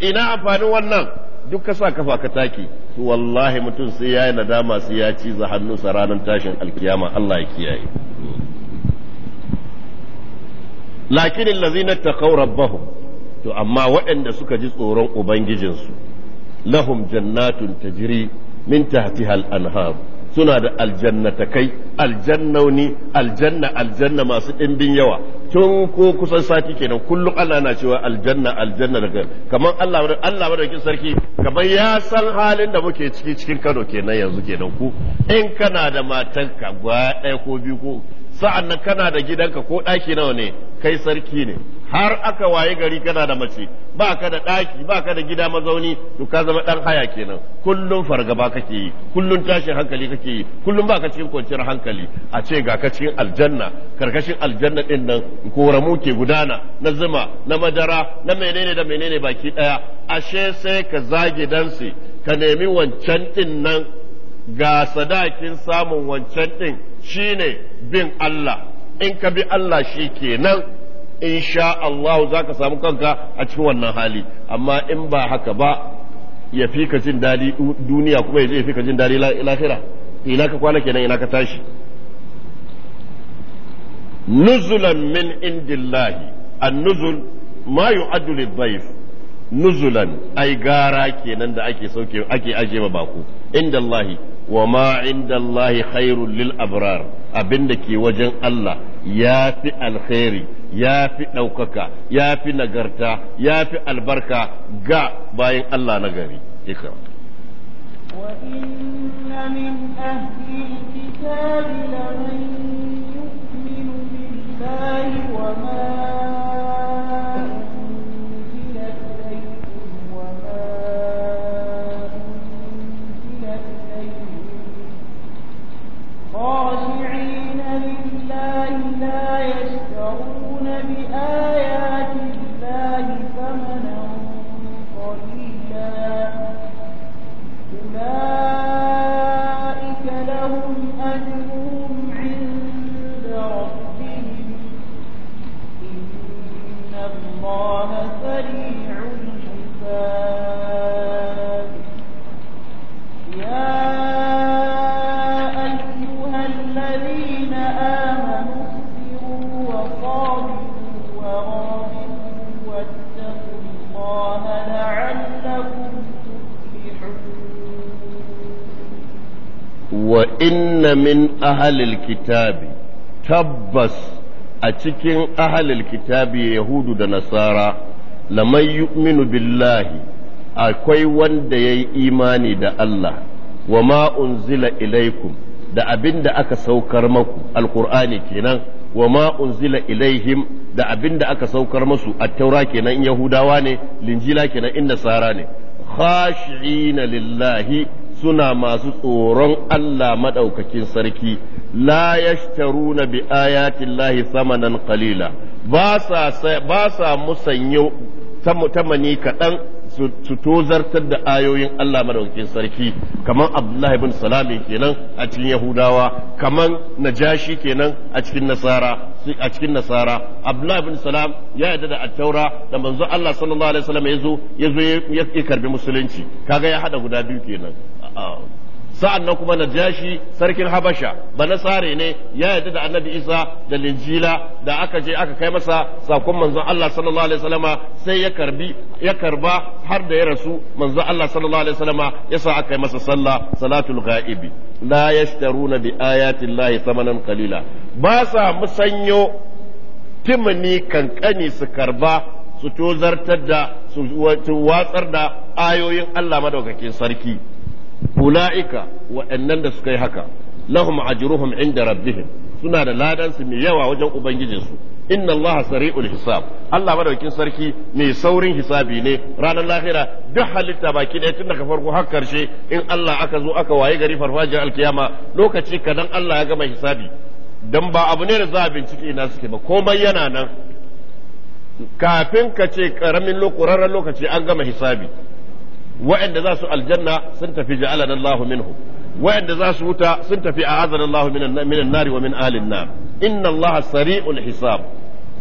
ina amfanin wannan duk ka sa kafa ka take to wallahi mutum sai yayi nadama sai ya ciza sa ranar tashin alkiyama Allah ya kiyaye lakin allazina taqaw rabbahum to amma waɗanda suka ji tsoron ubangijinsu lahum jannatun tajiri min tahtiha al-anhar suna da aljannatakai aljannauni aljanna aljanna masu ɗimbin yawa tun ko kusan sati kenan kullum Allah na cewa aljanna aljanna daga kamar Allah Bada, Allah madaukakin sarki kamar ya san halin da muke ciki cikin Kano kenan yanzu kenan ku in kana da matanka gwa ɗaya ko biyu ko sa'an nan kana da gidanka ko ɗaki nawa ne kai sarki ne har aka waye gari kana da mace ba ka da ɗaki ba ka da gida mazauni to ka zama ɗan haya kenan kullum fargaba kake yi kullum tashin hankali kake yi kullum ba ka cikin kwanciyar hankali a ce ga ka cikin aljanna karkashin aljanna ɗin nan koramu ke gudana na zuma na madara na menene da menene baki ɗaya ashe sai ka zage dansi ka nemi wancan ɗin nan ga sadakin samun wancan ɗin Shi ne bin Allah in ka bi Allah shi kenan sha Allah za ka samu kanka a cikin wannan hali amma in ba haka ba ya fi ka jin dadi duniya kuma ya je ya fi ka jin dadi lafira ina ka kwana kenan ina ka tashi nuzulan min indillahi nuzul ma yu'addu lidhayf nuzulan ai gara kenan da ake sauke ake ajiye ma bako indallahi wa ma inda Allah khairul lil abrar da ke wajen Allah ya fi alkhairi ya fi ɗaukaka ya fi nagarta ya fi albarka ga bayan Allah na gari وإن من أهل الكتاب لمن يؤمن بالله وما الله لا يشترون بآيات الله ثمنا قليلا أولئك لهم أجرهم عند ربهم إن الله سريع الحساب wa inna min kitabi tabbas a cikin ahalil kitabi yahudu da nasara laman yu'minu billahi akwai wanda ya yi imani da Allah wa ma ilaikum da abin da aka saukar maku alkur'ani kenan wa ma unzila ilaihim da abin da aka saukar masu attaura kenan yahudawa ne linjila kenan in nasara ne khashi'ina lillahi suna masu tsoron Allah maɗaukakin sarki la yashtaruna bi ayatin lahi samanan qalila ba sa musanyo tamani kaɗan su tozartar da ayoyin Allah madaukakin sarki kamar Abdullahi bin Salami kenan a cikin Yahudawa kamar Najashi kenan a cikin Nasara a cikin Nasara Abdullahi bin Salam ya yarda da Attaura da manzo Allah sallallahu alaihi wasallam ya zo ya karbi musulunci kaga ya hada guda biyu kenan sa'an nan kuma na najashi sarkin habasha ba na nasare ne ya yadda da annabi isa da linjila da aka je aka kai masa sakon manzon Allah sallallahu alaihi wasallama sai ya karba har da ya rasu manzon Allah sallallahu alaihi wasallama ya sa aka kai masa sallah salatul ghaibi la yashtaruna bi ayati llahi thamanan qalila ba sa musanyo timni kankani su karba su tozartar da su watsar da ayoyin Allah madaukakin sarki ula'ika waɗannan da suka yi haka lahum ajruhum inda rabbihim suna da ladansu mai yawa wajen ubangijinsu inna Allaha sari'ul hisab Allah madaukin sarki mai saurin hisabi ne ranar lahira duk halitta baki ɗaya tun daga farko har karshe in Allah aka zo aka waye gari farfajiyar alkiyama lokaci kadan Allah ya gama hisabi dan ba abu ne da za a bincike ina suke ba komai yana nan kafin ka ce karamin lokurarren lokaci an gama hisabi wa'anda za su aljanna sun tafi ja'alana Allahu minhum wa'anda za su wuta sun tafi a'azana Allahu minan nari wa min ahlin nar inna Allah sari'ul hisab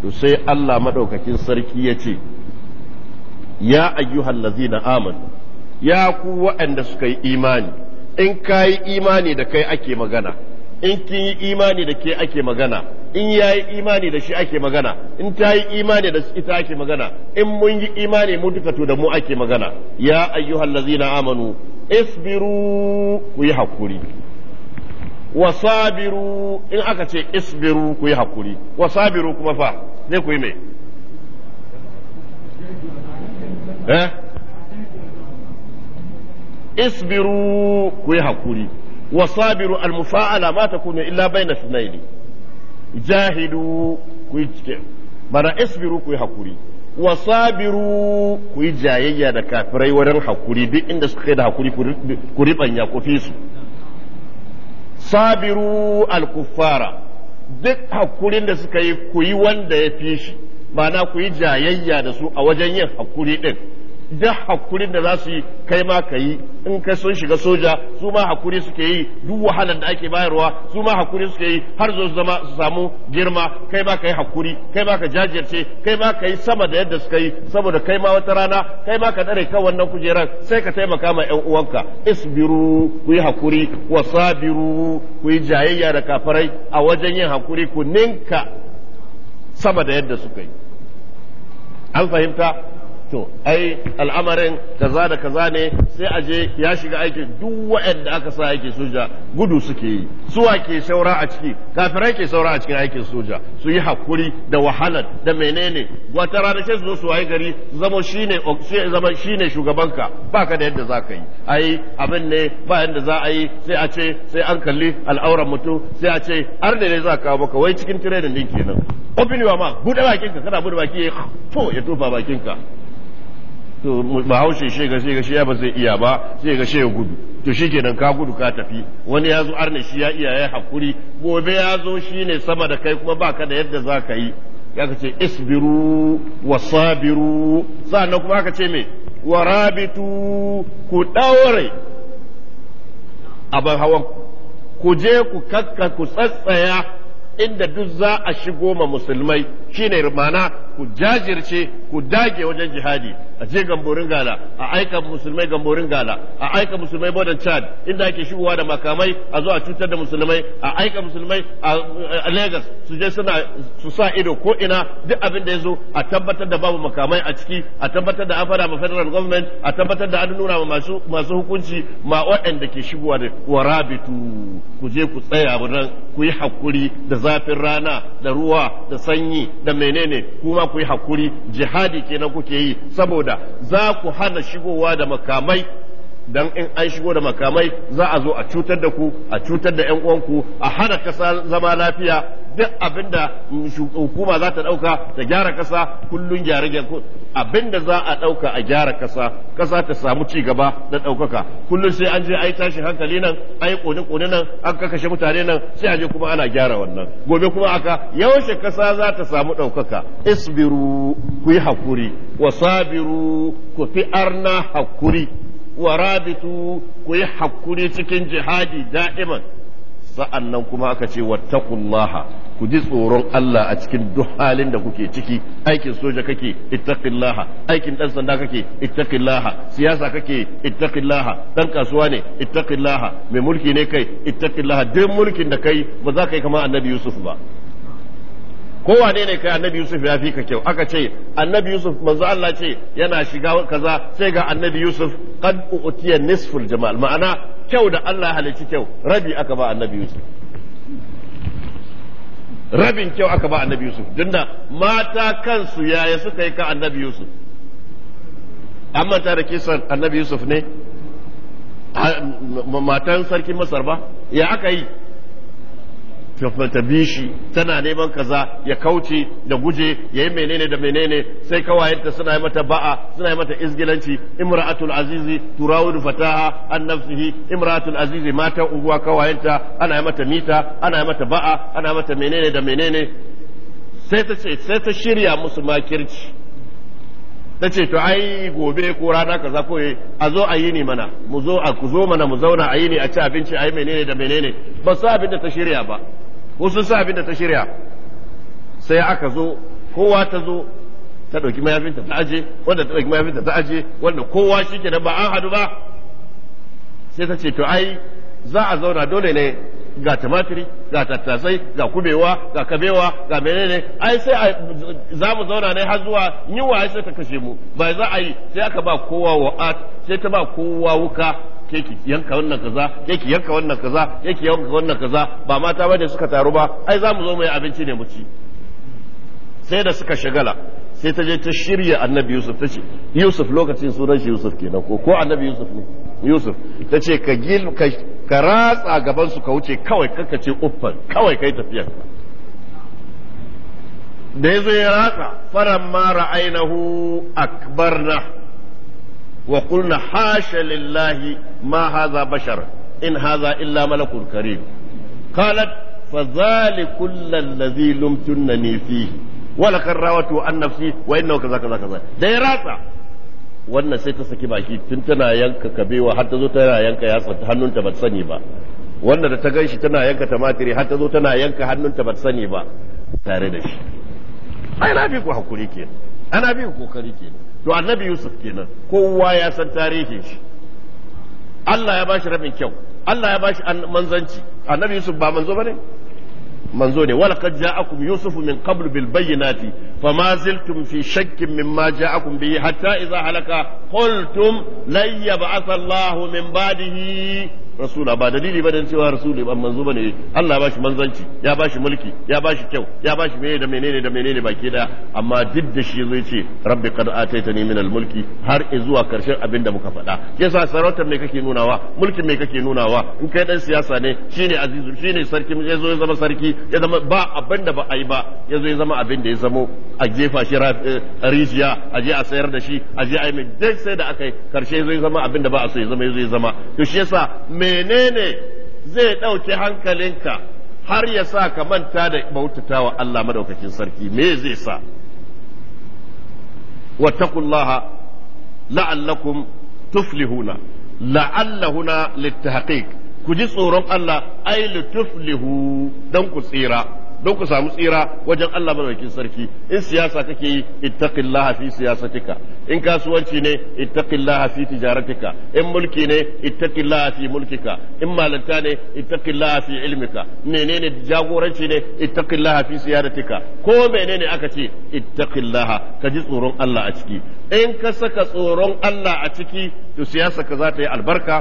to sai Allah madaukakin sarki ya ce ya ayyuhal ladzina amanu ya ku wa'anda suka yi imani in kai imani da kai ake magana in kin yi imani da ke ake magana in ya yi imani da shi ake magana in ta yi imani da ita ake magana in mun yi imani mu duka to da mu ake magana ya ayyuhal ladzina amanu isbiru ku yi hakuri sabiru in aka ce isbiru ku yi hakuri sabiru kuma fa ne ku yi mai eh isbiru ku yi hakuri wasabiru almufa'ala ma takunu illa baina sunaili jahidu ku yi mana isbiru kuyi yi wasabiru kuyi jayayya da kafirai wurin hakuri duk inda suka kai da hakuri ku ribanya ku fi su sabiru alkuffara duk hakurin da suka yi ku wanda ya fi shi ma'ana kuyi jayayya da su a wajen yin hakuri ɗin. duk hakurin da za su yi kai ma ka yi in kai sun shiga soja su ma hakuri suke yi duk wahalar da ake bayarwa su ma hakuri suke yi har zo zama su samu girma kai ma ka yi hakuri kai ma ka jajirce kai ma ka yi sama da yadda suka yi saboda kai ma wata rana kai ma ka dare kan wannan kujeran sai ka taimaka ma yan uwanka isbiru ku yi hakuri wasabiru ku yi jayayya da kafarai a wajen yin hakuri ku ninka sama da yadda suka yi an fahimta to ai al'amarin kaza da kaza ne sai a je ya shiga aikin duk waɗanda aka sa aikin soja gudu suke yi suwa ke saura a ciki kafirai ke saura a cikin aikin soja su yi hakuri da wahalar da menene wata rana ce su zo su waye gari zama shine zama shine shugabanka baka da yadda zaka yi ai abin ne ba yadda za a yi sai a ce sai an kalli al'auran mutum sai a ce arne ne za ka kawo wai cikin tirenin din kenan opening ma bude bakinka kana bude baki to ya tofa bakinka to bahaushe shi ga sai ga shi ba zai iya ba sai ga shi ya gudu to shikenan ka gudu ka tafi wani ya zo arne shi ya iya ya hakuri gobe ya zo shi ne sama da kai kuma baka da yadda za ka yi aka ce isbiru wa sabiru sannan kuma aka ce me warabitu ku daure abin hawan ku je ku kakka ku tsatsaya inda duk za a shigo ma musulmai shine mana ku jajirce ku dage wajen jihadi a je gamborin gala a aika musulmai gamborin gala a aika musulmai bodan chad inda ake shigowa da makamai a zo a cutar da musulmai a aika musulmai a lagos su je suna su sa ido ko ina duk abin da ya zo a tabbatar da babu makamai a ciki a tabbatar da an fada ma federal government a tabbatar da an nuna ma masu masu hukunci ma waɗanda ke shigowa da warabitu ku je ku tsaya nan ku yi hakuri da zafin rana da ruwa da sanyi da menene kuma ku yi hakuri jihadi kenan kuke yi saboda za ku hana shigowa da makamai dan in an shigo da makamai za a zo a cutar da ku a cutar da yan uwanku a hana kasa zama lafiya duk abinda hukuma za ta dauka ta gyara kasa kullun gyare abinda za a dauka a gyara kasa kasa ta samu ci gaba da daukaka kullun sai an je ai tashi hankali nan ai kone kone nan an kakashe mutane nan sai a je kuma ana gyara wannan gobe kuma aka yaushe kasa za ta samu daukaka isbiru ku yi hakuri wasabiru ku fi arna hakuri wa rabitu ku yi hakuri cikin jihadi da'iman sa'an nan kuma aka ce wattaqullaha ku ji tsoron Allah a cikin duk halin da kuke ciki aikin soja kake ittaqillaha aikin dan sanda kake ittaqillaha siyasa kake ittaqillaha dan kasuwa ne ittaqillaha mai mulki ne kai ittaqillaha duk mulkin da kai ba za ka yi kamar annabi Yusuf ba ko wane ne kai annabi yusuf ya fi ka kyau aka ce annabi yusuf manzo Allah ce yana shiga kaza sai ga annabi yusuf qad utiya nisful jamal ma'ana kyau da Allah halici kyau rabi aka ba annabi yusuf rabin kyau aka ba annabi yusuf dinda mata kansu yaya suka yi ka annabi yusuf amma ta da kisan annabi yusuf ne matan sarkin masar ba ya aka yi ta bi shi tana neman kaza ya kauce da guje ya yi menene da menene sai kawayenta suna yi mata ba'a suna yi mata izgilanci imra'atul azizi turawu fataha an nafsihi imra'atul azizi mata uguwa kawayenta ana yi mata mita ana yi mata ba'a ana mata menene da menene sai ta ce sai ta shirya musu makirci ta ce to ai gobe ko rana kaza ko a zo a yi ni mana mu zo a zo mana mu zauna a yi ni a ci abinci a yi menene da menene ba su abin da ta shirya ba ko sun sa abin da ta shirya sai aka zo kowa ta zo ta ɗauki mayafinta ta aje wanda ta ɗauki mayafinta ta aje wanda kowa shi ke ba an hadu ba sai ta ce to ai za a zauna dole ne ga tumatiri ga tattasai ga kubewa ga kabewa ga menene ai sai za mu zauna ne har zuwa yunwa sai ta kashe mu ba za a yi sai aka ba kowa wa'at sai ta ba kowa wuka keki ki yanka wannan kaza keki ki yanka wannan kaza keki ki yanka wannan kaza ba mata bane suka taru ba ai za mu zo mu yi abinci ne mu ci sai da suka shagala sai ta je ta shirya annabi yusuf ta ce yusuf lokacin sunan shi yusuf kenan ko ko annabi yusuf ne yusuf ta ce ka gil ka ratsa gaban su ka wuce kawai kanka ce uffan kawai kai tafiyar da yazo ya ratsa faran ma ra'ainahu akbarna wa qulna hasha lillahi ma hadha bashar in haza illa malakul karim qalat fa zalikul ladhi lumtunni fihi wa laqad rawatu an nafsi wa innahu kaza kaza kaza dai ratsa wannan sai ta saki baki tun tana yanka kabewa har ta zo tana yanka yatsa hannunta ba sani ba wanda da ta ganshi tana yanka tumatiri har tana yanka hannunta sani ba tare da shi ai bi ku ana bi ku to annabi yusuf kenan kowa ya san tarihin shi Allah ya bashi rabin kyau Allah ya bashi manzanci annabi yusuf ba manzo bane manzo ne wala kad ja'akum yusuf min qabl bil bayyinati fama ziltum fi shakkin mimma ja'akum bihi hatta idza halaka qultum lan yab'ath Allahu min ba'dihi rasula ba dalili ba da cewa rasuli ba manzo bane Allah ba shi manzanci ya ba shi mulki ya ba shi kyau ya ba shi da menene da menene baki daya amma duk da shi zai ce rabbi ataita ataitani min mulki har zuwa karshen abin da muka faɗa yasa sarautar me kake nunawa mulkin me kake nunawa in kai dan siyasa ne shine azizu shine sarki ya zo ya zama sarki ya zama ba abin da ba a yi ba ya zo ya zama abin da ya zamo a jefa shi eh, rijiya a je a sayar da shi a je a yi mai dai sai da aka yi karshe zai zama abin da ba a so ya zama ya zo ya zama to shi yasa me menene zai ɗauke hankalinka har ya sa ka manta da bautata wa Allah madaukakin sarki me zai sa wattaqullaha la'allakum tuflihuna la'allahuna littahqiq ku ji tsoron Allah ai lituflihu dan ku tsira don ku samu tsira wajen Allah madaukakin sarki in siyasa kake yi ittaqillaha fi siyasatika in kasuwanci ne ittaqillaha fi tijaratika in mulki ne ittaqillaha fi mulkika in malanta ne ittaqillaha fi ilmika menene jagoranci ne ittaqillaha fi siyaratika ko menene aka ce ittaqillaha ka ji tsoron Allah a ciki in ka saka tsoron Allah a ciki to siyasa ka za ta yi albarka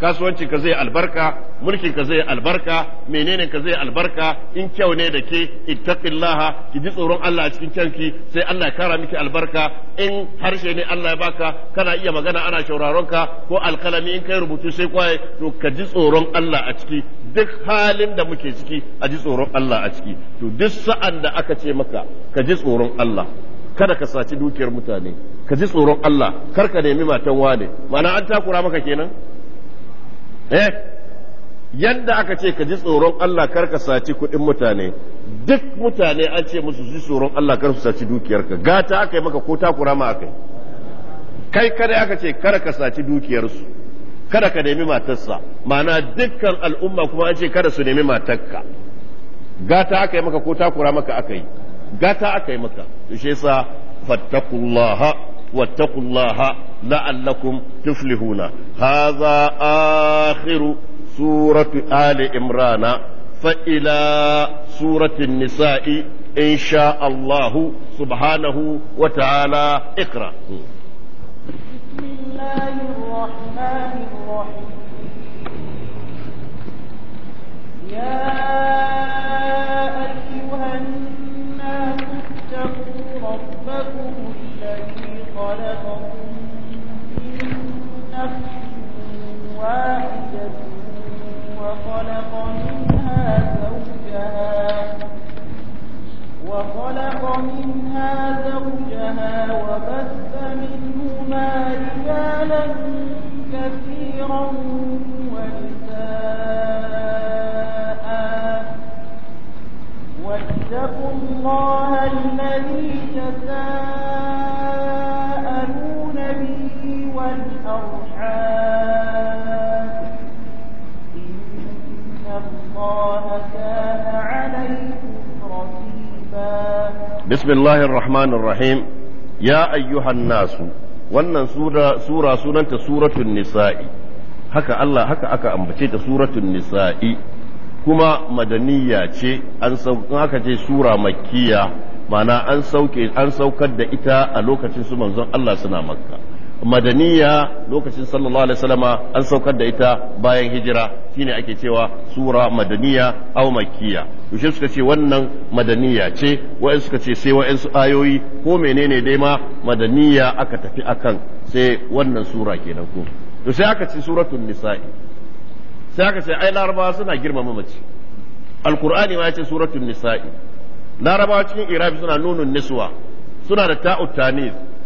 kasuwanci ka zai albarka mulkin ka zai albarka menene ka zai albarka in kyau ne da ke ittaqillaha ki ji tsoron Allah a cikin kyanki sai Allah ya kara miki albarka in harshe ne Allah ya baka kana iya magana ana shauraron ka ko alkalami in kai rubutu sai kwaye to ka ji tsoron Allah a ciki duk halin da muke ciki a ji tsoron Allah a ciki to duk sa'an da aka ce maka ka ji tsoron Allah kada ka saci dukiyar mutane ka ji tsoron Allah kar ka nemi matan wane ma'ana an takura maka kenan eh yadda aka ce ka ji tsoron Allah kar ka saci kuɗin mutane duk mutane an ce musu ji tsoron Allah kar su saci dukiyarka gata aka yi maka ko takura ma aka yi kai kada aka ce kar ka saci dukiyarsu kada ka nemi matarsa ma'ana dukkan al'umma kuma an ce kada su nemi matarka gata aka yi maka ko takura maka aka yi gata aka yi maka to shi yasa fattakullaha wattakullaha لعلكم تفلحون هذا آخر سورة آل عمران فإلى سورة النساء إن شاء الله سبحانه وتعالى اقرأ بسم الله الرحمن الرحيم يا أيها الناس اتقوا ربكم الذي خلقكم وخلق منها زوجها وبث منهما رجالا كثيرا واتقوا الله الذي تساءلون بسم الله الرحمن الرحيم يا wannan sura sunanta suratun nisa'i haka Allah haka aka ambace ta suratun nisa'i kuma madaniya ce an aka ce sura makkiya mana an saukar da ita a lokacin su manzon Allah suna makka madaniya lokacin sallallahu alaihi wasallama an saukar da ita bayan hijira shine ake cewa sura madaniya aw makkiya yushe suka ce wannan madaniya ce wa'in suka ce sai wa'in su ayoyi ko menene dai ma madaniya aka tafi akan sai wannan sura kenan ko to sai aka ce suratul nisa'i sai aka ce ai larabawa suna girmama mace alqur'ani ma ya ce suratul nisa'i larabawa cikin irabi suna nunun niswa suna da ta'ut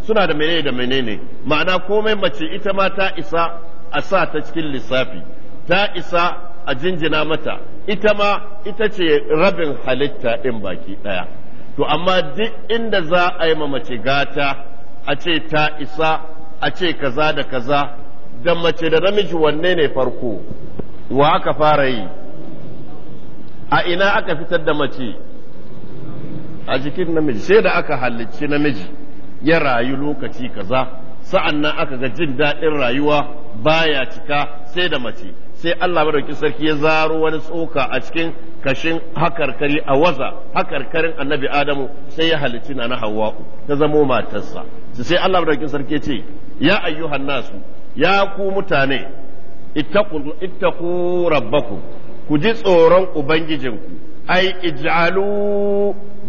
suna da menene da menene ma'ana komai mace ita ma ta isa a sa ta cikin lissafi ta isa a jinjina mata ita ma ita ce rabin halitta ɗin baki ɗaya to amma duk inda za a yi ma mace gata a ce ta isa a ce kaza da kaza da mace da namiji wanne ne farko wa aka fara yi a ina aka fitar da mace a jikin namiji sai da aka halicci namiji ya rayu lokaci kaza sa'an nan aka ga jin daɗin rayuwa baya cika sai da mace sai Allah madauki sarki ya zaro wani tsoka a cikin kashin hakarkari a waza hakarkarin annabi Adamu sai ya halicci na na ta zamo matarsa sai Allah madauki sarki ya ce ya ayyuhan nasu ya ku mutane ittaqu rabbakum ku ji tsoron ubangijinku ai ij'alu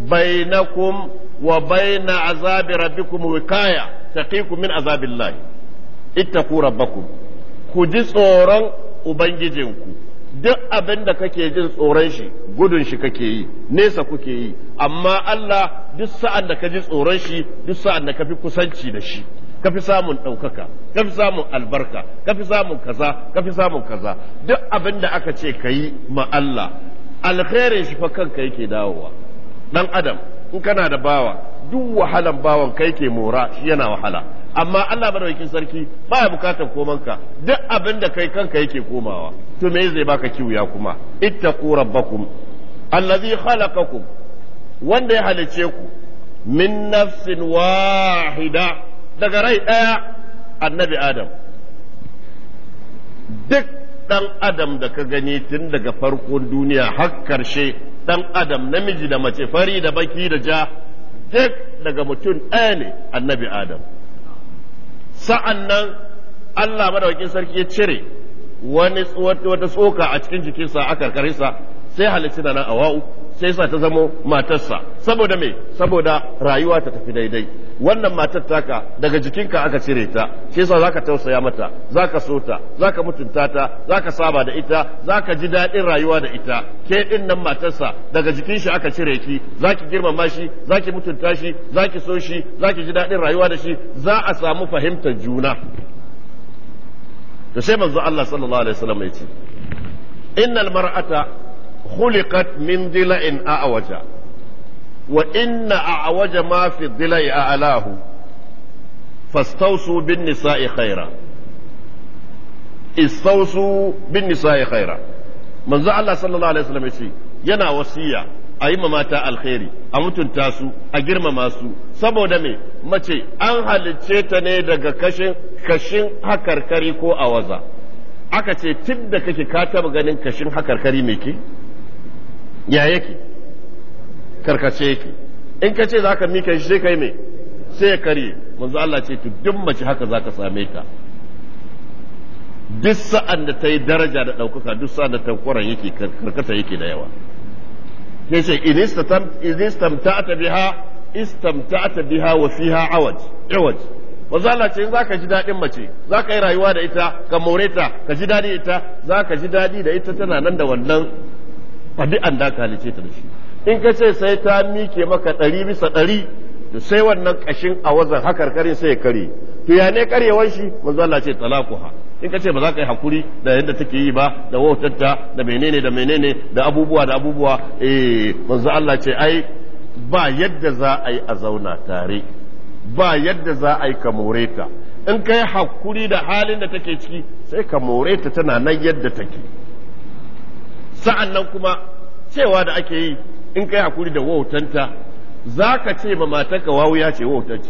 bainakum wa bayna azabi rabbikum wikaya ku min azabillahi ittaqu rabbakum ku ji tsoron ubangijinku duk abinda da kake jin tsoron shi gudun shi kake yi nesa kuke yi amma Allah duk sa'an da ka ji tsoron shi duk sa'an da ka fi kusanci da shi ka fi samun ɗaukaka ka fi samun albarka ka fi samun kaza ka fi samun kaza duk abin da aka ce ka yi ma Allah alkhairin shi fa kanka yake dawowa dan adam in kana da bawa duk wahalan bawan kai ke mora shi yana wahala amma Allah madaukakin sarki baya bukatar koman ka duk abin da kai kanka yake komawa to me zai baka ya kuma ittaqu rabbakum allazi khalaqakum wanda ya halice ku min nafsin wahida daga rai daya annabi adam duk dan adam da ka gani tun daga farkon duniya har karshe dan adam namiji da mace fari da baki da ja duk daga mutum ɗaya ne annabi adam sa'an nan allah madawakin sarki ya cire wani wata tsoka a cikin jikinsa a karkarinsa sai halittu da a awa'u sai sa ta zamo matarsa saboda me saboda rayuwa ta tafi daidai wannan matar taka daga jikinka aka cire ta sai sa zaka tausaya mata zaka so ta zaka mutunta ta zaka saba da ita zaka ji daɗin rayuwa da ita ke din nan matarsa daga jikin shi aka cire ki zaki girmama shi zaki mutunta shi zaki so shi zaki ji daɗin rayuwa da shi za a samu fahimtar juna to sai manzo Allah sallallahu alaihi wasallam ya ce innal mar'ata khuliqat min dila'in a'waja wa inna a'waja ma fi dila'i a'lahu fastawsu bin nisa'i khaira istawsu bin nisa'i khaira manzo Allah sallallahu alaihi wasallam yace yana wasiya a yi ma mata alheri, a mutunta su a girmama su saboda me mace an halicce ta ne daga kashin kashin hakarkari ko waza. aka ce tun da kake ka taba ganin kashin hakarkari me ke ya yake karkace yake in ka ce za ka mika shi sai kai mai sai ya karye manzo Allah ce to duk mace haka za ka same ka duk sa'an da ta yi daraja da ɗaukaka duk sa'an da kwaran yake karkata yake da yawa ya ce inistamta'ata biha istamta'ata biha wa fiha awaj awaj manzo Allah ce za ka ji daɗin mace za ka yi rayuwa da ita ka more ta ka ji daɗi ita za ka ji daɗi da ita tana nan da wannan ɗabi'an da ka ta da shi in ka ce sai ta mike maka ɗari bisa ɗari to sai wannan ƙashin a wazan kare sai ya kare to ya ne karyewar shi manzo Allah ce talaquha in ka ce ba za ka yi hakuri da yadda take yi ba da wautarta da menene da menene da abubuwa da abubuwa eh Allah ce ai ba yadda za a yi a zauna tare ba yadda za a yi ka more ta in ka yi hakuri da halin da take ciki sai ka more ta tana nan yadda take sa'an nan kuma cewa da ake yi in kai hakuri da wautanta za ka ce ma wawu ya ce wautance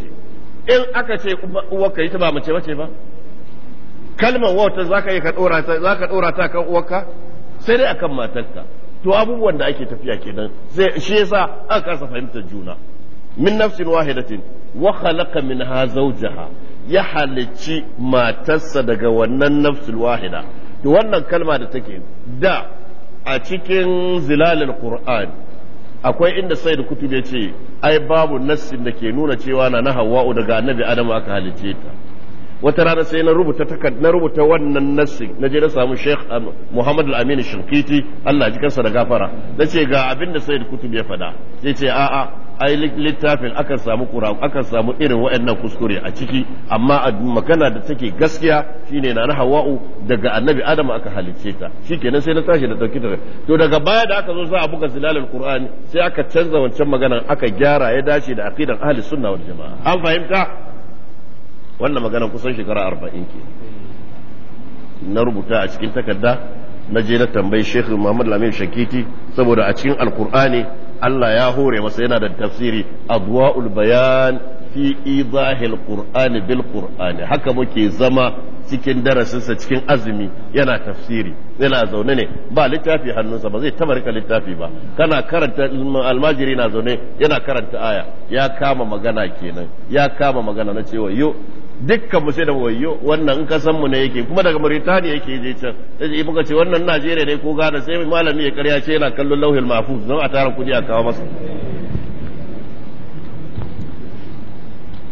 in aka ce uwarka ita ba mace bace ba kalmar wauta za ka yi ka ɗora ta kan uwarka sai dai akan matanka to abubuwan da ake tafiya kenan sai shi yasa aka kasa fahimtar juna min nafsin wahidatin wa khalaqa minha zawjaha ya halicci matarsa daga wannan nafsul wahida to wannan kalma da take da a cikin zilalil qur'an akwai inda Sayyid kutub ya ce ai babu nassin da ke nuna cewa na na hawa'u daga annabi Adamu aka halice ta wata rana sai na rubuta takad na rubuta wannan nassin na je na samu sheikh um, muhammad al-amin shinkiti Allah ji kansa da gafara nace ga abinda da kutub ya faɗa sai ce a'a ai littafin akan samu kura akan samu irin waɗannan kuskure a ciki amma a magana da take gaskiya shine na hawa'u daga annabi adam aka halicce ta shikenan sai na tashi da dauki to daga baya da aka zo sa abu ga zilalul qur'ani sai aka canza wancan maganan aka gyara ya dace da aqidar ahli sunna wal jamaa an fahimta wannan maganan kusan shekara 40 ke na rubuta a cikin takarda na je na tambayi Sheikh Muhammad Lamin Shakiti saboda a cikin Alkur'ani Allah ya hore masa yana da tafsiri adwa'ul bayan fi izahil qur'ani bil qur'ani haka muke zama cikin darasinsa cikin azumi yana tafsiri yana zaune ne ba littafi hannunsa ba zai taba rika littafi ba kana karanta almajiri na zaune yana karanta aya ya kama magana kenan ya kama magana na cewa yo dukkan mu sai da wayo wannan in san mu ne yake kuma daga Mauritania yake je can sai ji muka ce wannan Najeriya ne ko Ghana sai malami ya karya ce yana kallon lauhil mahfuz don a tara kudi a kawo masa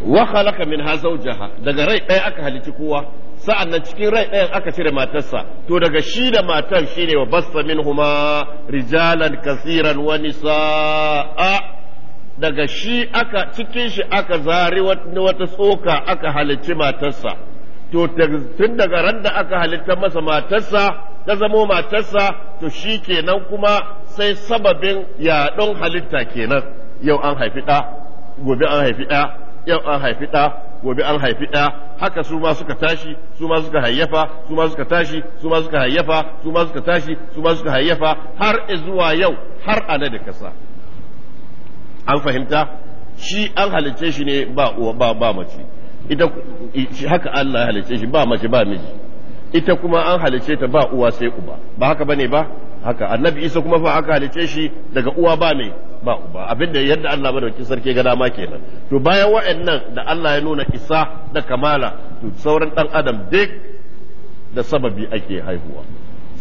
wa khalaqa min hazawjaha daga rai ɗaya aka halici kowa sa'an nan cikin rai ɗayan aka cire matarsa to daga shi da matar shine wa basta minhuma rijalan kasiran wa nisaa daga shi aka cikin shi aka zari wata tsoka aka halicci matarsa to tun daga ran da aka halitta masa matarsa ta zamo matarsa to shi kenan kuma sai sababin yaɗon halitta kenan yau an haifi ɗa gobe an haifi ɗa yau an haifi ɗa gobe an haifi ɗa haka su ma suka tashi su ma suka hayyafa su ma suka tashi su ma suka hayyafa su ma suka tashi su ma suka hayyafa har zuwa yau har a da kasa an fahimta shi an halicce shi ne ba ba ba mace ita haka Allah ya halicce shi ba mace ba miji ita kuma an halicce ta ba uwa sai uba ba haka bane ba haka annabi isa kuma fa aka halicce shi daga uwa ba me ba uba abinda yadda Allah dauki sarki ga dama kenan to bayan wa'annan da Allah ya nuna isa da kamala to sauran dan adam duk da sababi ake haihuwa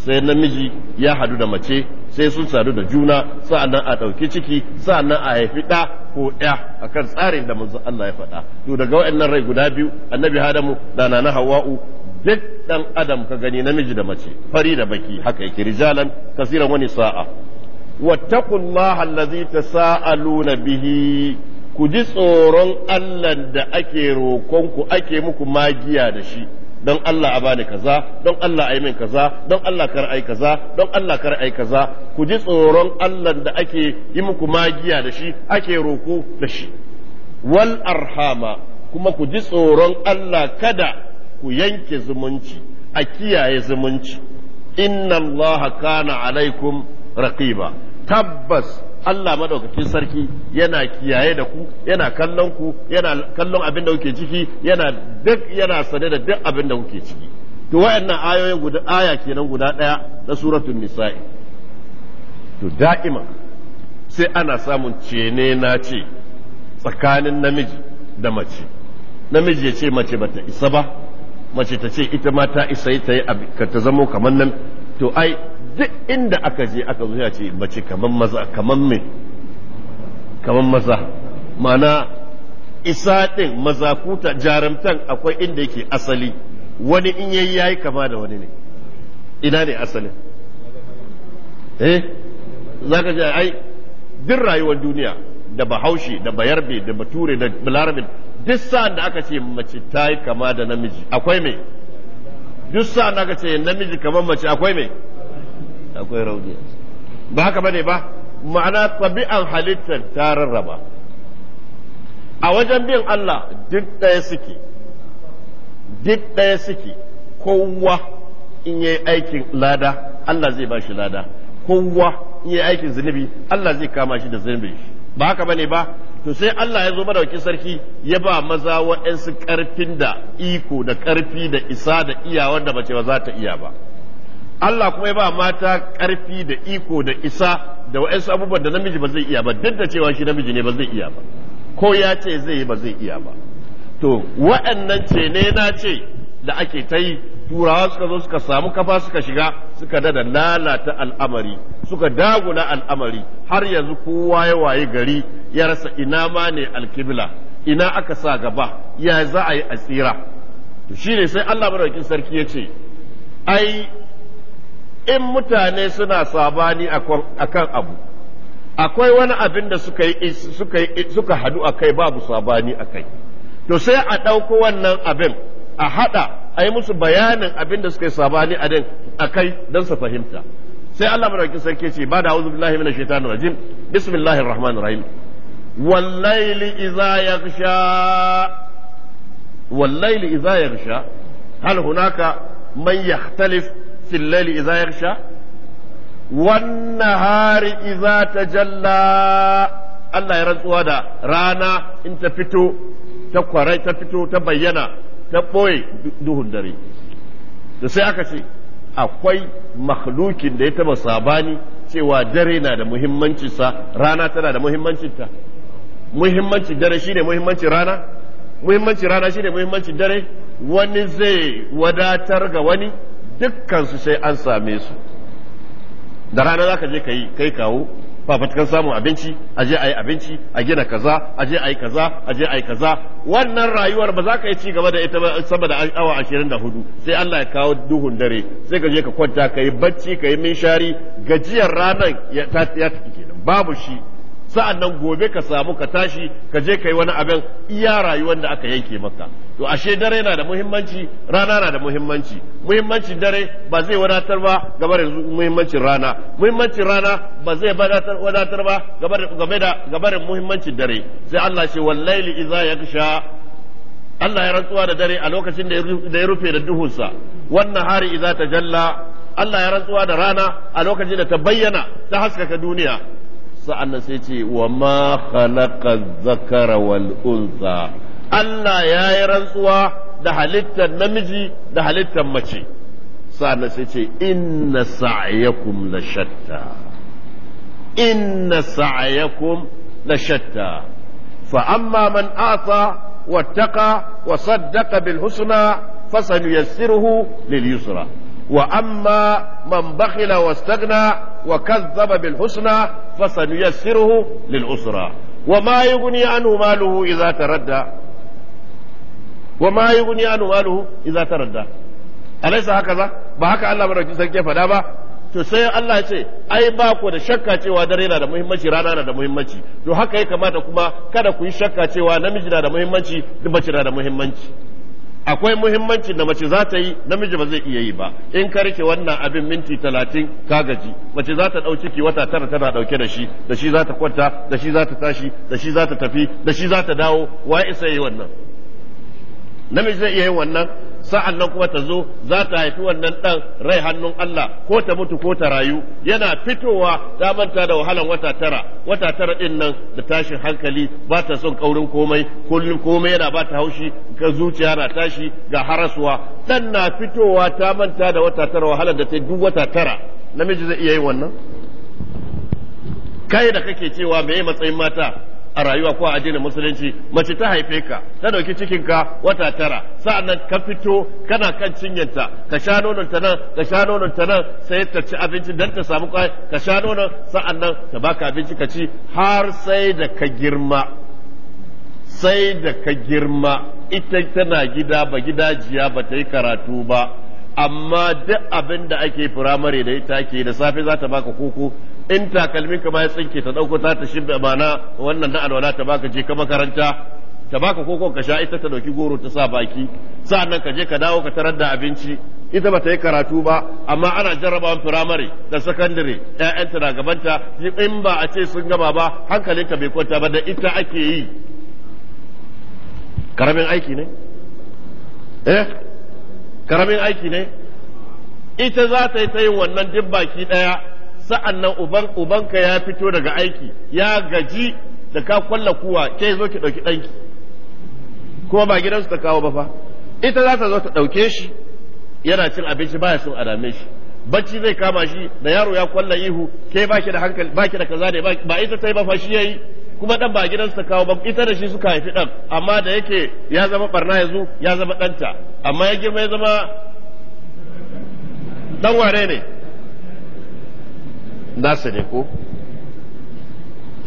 sai namiji ya hadu da mace sai sun sadu da juna sa'annan a ɗauki ciki sa'annan a haifi ɗa ko ɗaya kan tsarin da manzo Allah ya faɗa to daga waɗannan rai guda biyu annabi Adamu da na hawa'u duk ɗan adam ka gani namiji da mace fari da baki haka yake rijalan kasiran wani sa'a wattaqullaha allazi tasaaluna bihi ku ji tsoron Allah da ake rokonku ake muku magiya da shi don Allah a bani kaza don Allah a yi min kaza don Allah kar ai kaza don Allah kar ai kaza ku ji tsoron Allah da ake yi muku magiya da shi ake roko da shi wal arhama kuma ku ji tsoron Allah kada ku yanke zumunci a kiyaye zumunci inna Allah kana alaikum raqiba tabbas Allah madaukakin sarki yana kiyaye da ku yana kallon ku yana kallon abin da kuke ciki yana duk yana sane da duk abin da kuke ciki to wayannan ayoyin guda aya kenan guda daya na suratul nisa'i to da'ima sai ana samun cene na ce tsakanin namiji da mace namiji ya ce mace bata isa ba mace ta ce ita ma ta isa ta yi ta zamo kamar nan to ai duk inda aka je aka zo ce mace kaman maza kaman me kaman maza mana isa ɗin kuta jaramtan akwai inda yake asali wani in yayi yayi kama da wani ne ina ne asalin eh za ka ai duk rayuwar duniya da bahaushe da bayarbe da bature da Bilarabin duk sa'an da aka ce mace ta yi kama da namiji akwai mai duk sa'an aka ce namiji kamar mace akwai me akwai rauni ba haka bane ba ma'ana tabi'an halittar ta rarraba a wajen bin Allah duk ɗaya suke duk ɗaya suke kowa in yi aikin lada Allah zai ba shi lada kowa in yi aikin zunubi Allah zai kama shi da zunubi ba haka bane ba to sai Allah ya zo madauki sarki ya ba maza waɗansu ƙarfin da iko da ƙarfi da isa da iya wanda mace ba za ta iya ba Allah kuma ya ba mata ƙarfi da iko da isa da waɗansu abubuwan da namiji ba zai iya ba duk da cewa shi namiji ne ba zai iya ba ko ya ce zai yi ba zai iya ba to waɗannan ce ne na ce da ake ta yi turawa suka zo suka samu kafa suka shiga suka dada lalata al'amari suka dagula al'amari har yanzu kowa ya waye gari ya rasa ina ma ne alkibla ina aka sa gaba ya za a yi asira to shine sai Allah madaukakin sarki ya ce ai in mutane suna sabani akan abu akwai wani abin da suka yi suka yi suka hadu akai babu sabani akai to sai a ɗauko wannan abin a haɗa. a yi musu bayanin abin da suka yi sabani a din a kai don su fahimta sai Allah madaukakin sarki ce ba da auzu billahi minash shaitanir rajim bismillahir rahmanir rahim wallayli idza yaghsha والليل إذا يغشى هل هناك من يختلف في الليل إذا يغشى والنهار إذا تجلى ta ɓoye duhun dare da sai aka ce akwai makhlukin da ya taba sabani cewa dare na da muhimmancinsa rana tana da muhimmancinta muhimmancin dare shine muhimmancin rana muhimmancin rana shine muhimmancin dare wani zai wadatar ga wani su sai an same su da rana za ka je ka yi kai kawo ba fatakan samun abinci a je a yi abinci a gina kaza a je a yi kaza a je a yi kaza wannan rayuwar ba za ka yi ci gaba da ita ba saboda awa ashirin da hudu sai Allah ya kawo duhun dare sai ka je ka kwanta ka yi bacci ka yi minshari gajiyar ranar ya ta kenan babu shi sa'an nan gobe ka samu ka tashi ka je ka yi wani abin iya rayuwar da aka yanke maka to ashe dare na da muhimmanci rana na da muhimmanci muhimmancin dare ba zai wadatar ba game da muhimmancin rana muhimmancin rana ba zai wadatar ba game muhimmancin dare sai Allah ce wallaili ya sha Allah ya rantsuwa da dare a lokacin da ya rufe da duhunsa wannan hari iza ta jalla Allah ya rantsuwa da rana a lokacin da ta bayyana ta haskaka duniya sa'an sai ce wa ma khalaqa zakara wal unsa Allah ya yi rantsuwa da halittar namiji da halittar mace sa'an sai ce inna sa'yakum la shatta inna sa'yakum la shatta fa amma man asa wattaka wa saddaka bil husna fasanuyassiruhu lil yusra wa amma man bakhila wastagna. وكذب بالحسنى فسنيسره للعسرى وما يغني عنه ماله إذا تردى وما يغني عنه ماله إذا تردى أليس هكذا؟ بهك الله مرة سنكي فدابا to sai Allah ya ce ai ba ku da shakka cewa dare na da muhimmanci rana na da muhimmanci to haka ya kamata kuma kada ku yi shakka cewa namiji na da muhimmanci mace na da muhimmanci akwai muhimmancin da mace za ta yi namiji ba zai iya yi ba in ka rike wannan abin minti talatin ka gaji mace za ta ɗau ciki wata tara tana ɗauke da shi da shi za ta kwanta da shi za ta tashi da shi za ta tafi da shi za ta dawo wa isa yi wannan namiji zai iya yin wannan sa'an nan kuma ta zo za ta haifi wannan ɗan rai hannun Allah ko ta mutu ko ta rayu yana fitowa ta manta da wahalan wata tara wata tara ɗin nan da tashin hankali ba ta son ƙaurin komai kullum komai yana ba ta haushi ga zuciya na tashi ga harasuwa ɗan na fitowa ta manta da wata tara wahalan da ta duk wata tara namiji zai iya yin wannan kai da kake cewa me matsayin mata a rayuwa ko a addinin musulunci mace ta haife ka ta dauki cikin ka wata tara sa'annan ka fito kana kan cinyanta ka sha nonon ta nan ka sha nonon ta nan sai ta ci abinci dan ta samu kwai ka sha nonon sa'annan ta baka abinci ka ci har sai da ka girma sai da ka girma ita tana gida ba gidajiya ba ta yi karatu ba amma duk abin da ake firamare da ita ke da safe za ta baka koko in takalmin ka bai ya tsinke ta dauko ta ta shibbe bana wannan na alwala ta baka je ka makaranta ta baka koko ka sha ita ta dauki goro ta sa baki sannan ka je ka dawo ka tarar da abinci ita ba ta yi karatu ba amma ana jarrabawan firamare da sakandare Ya'yanta na gabanta in ba a ce sun gama ba hankalinta bai kwanta ba da ita ake yi karamin aiki ne eh karamin aiki ne ita za ta yi ta yin wannan duk baki ɗaya sa'an nan uban ubanka ya fito daga aiki ya gaji da ka kwalla kuwa ke zo ki ɗauki ɗanki kuma ba gidansu ta kawo ba fa ita za ta zo ta ɗauke shi yana cin abinci baya son a shi bacci zai kama shi da yaro ya kwalla ihu ke baki da hankali baki da kaza ne ba ita ta yi ba fa shi yayi kuma ɗan ba gidansu ta kawo ba ita da shi suka haifi ɗan. amma da yake ya zama barna yanzu ya zama ɗanta. amma ya girma ya zama ɗan ware ne nasa ne ko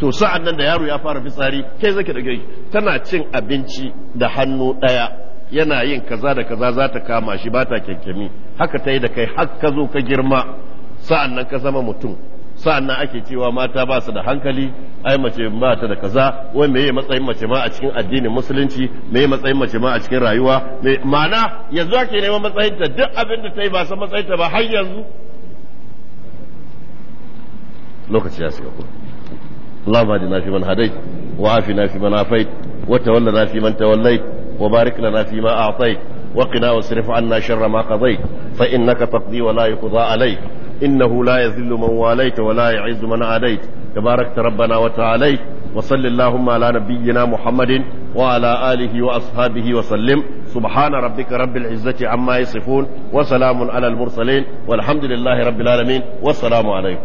to sa'an nan da yaro ya fara fitsari kai zaki da gai tana cin abinci da hannu ɗaya yana yin kaza da kaza za ta kama shi ba ta kyankyami haka ta yi da kai har ka zo ka girma sa'an nan ka zama mutum sa'an nan ake cewa mata ba su da hankali ai mace ba ta da kaza wai meye matsayin mace ma a cikin addinin musulunci yi matsayin mace ma a cikin rayuwa ma'ana yanzu ake neman matsayinta duk abin da ta yi ba san matsayinta ba har yanzu lokaci ya suka kuma wa afi nafi man afai anna sharra ma qadai fa innaka taqdi wa alai innahu la yazillu man walaita wa rabbana wa ta'ala nabiyyina muhammadin wa alihi wa ashabihi wa sallim سبحان ربك رب العزة عما يصفون وسلام على المرسلين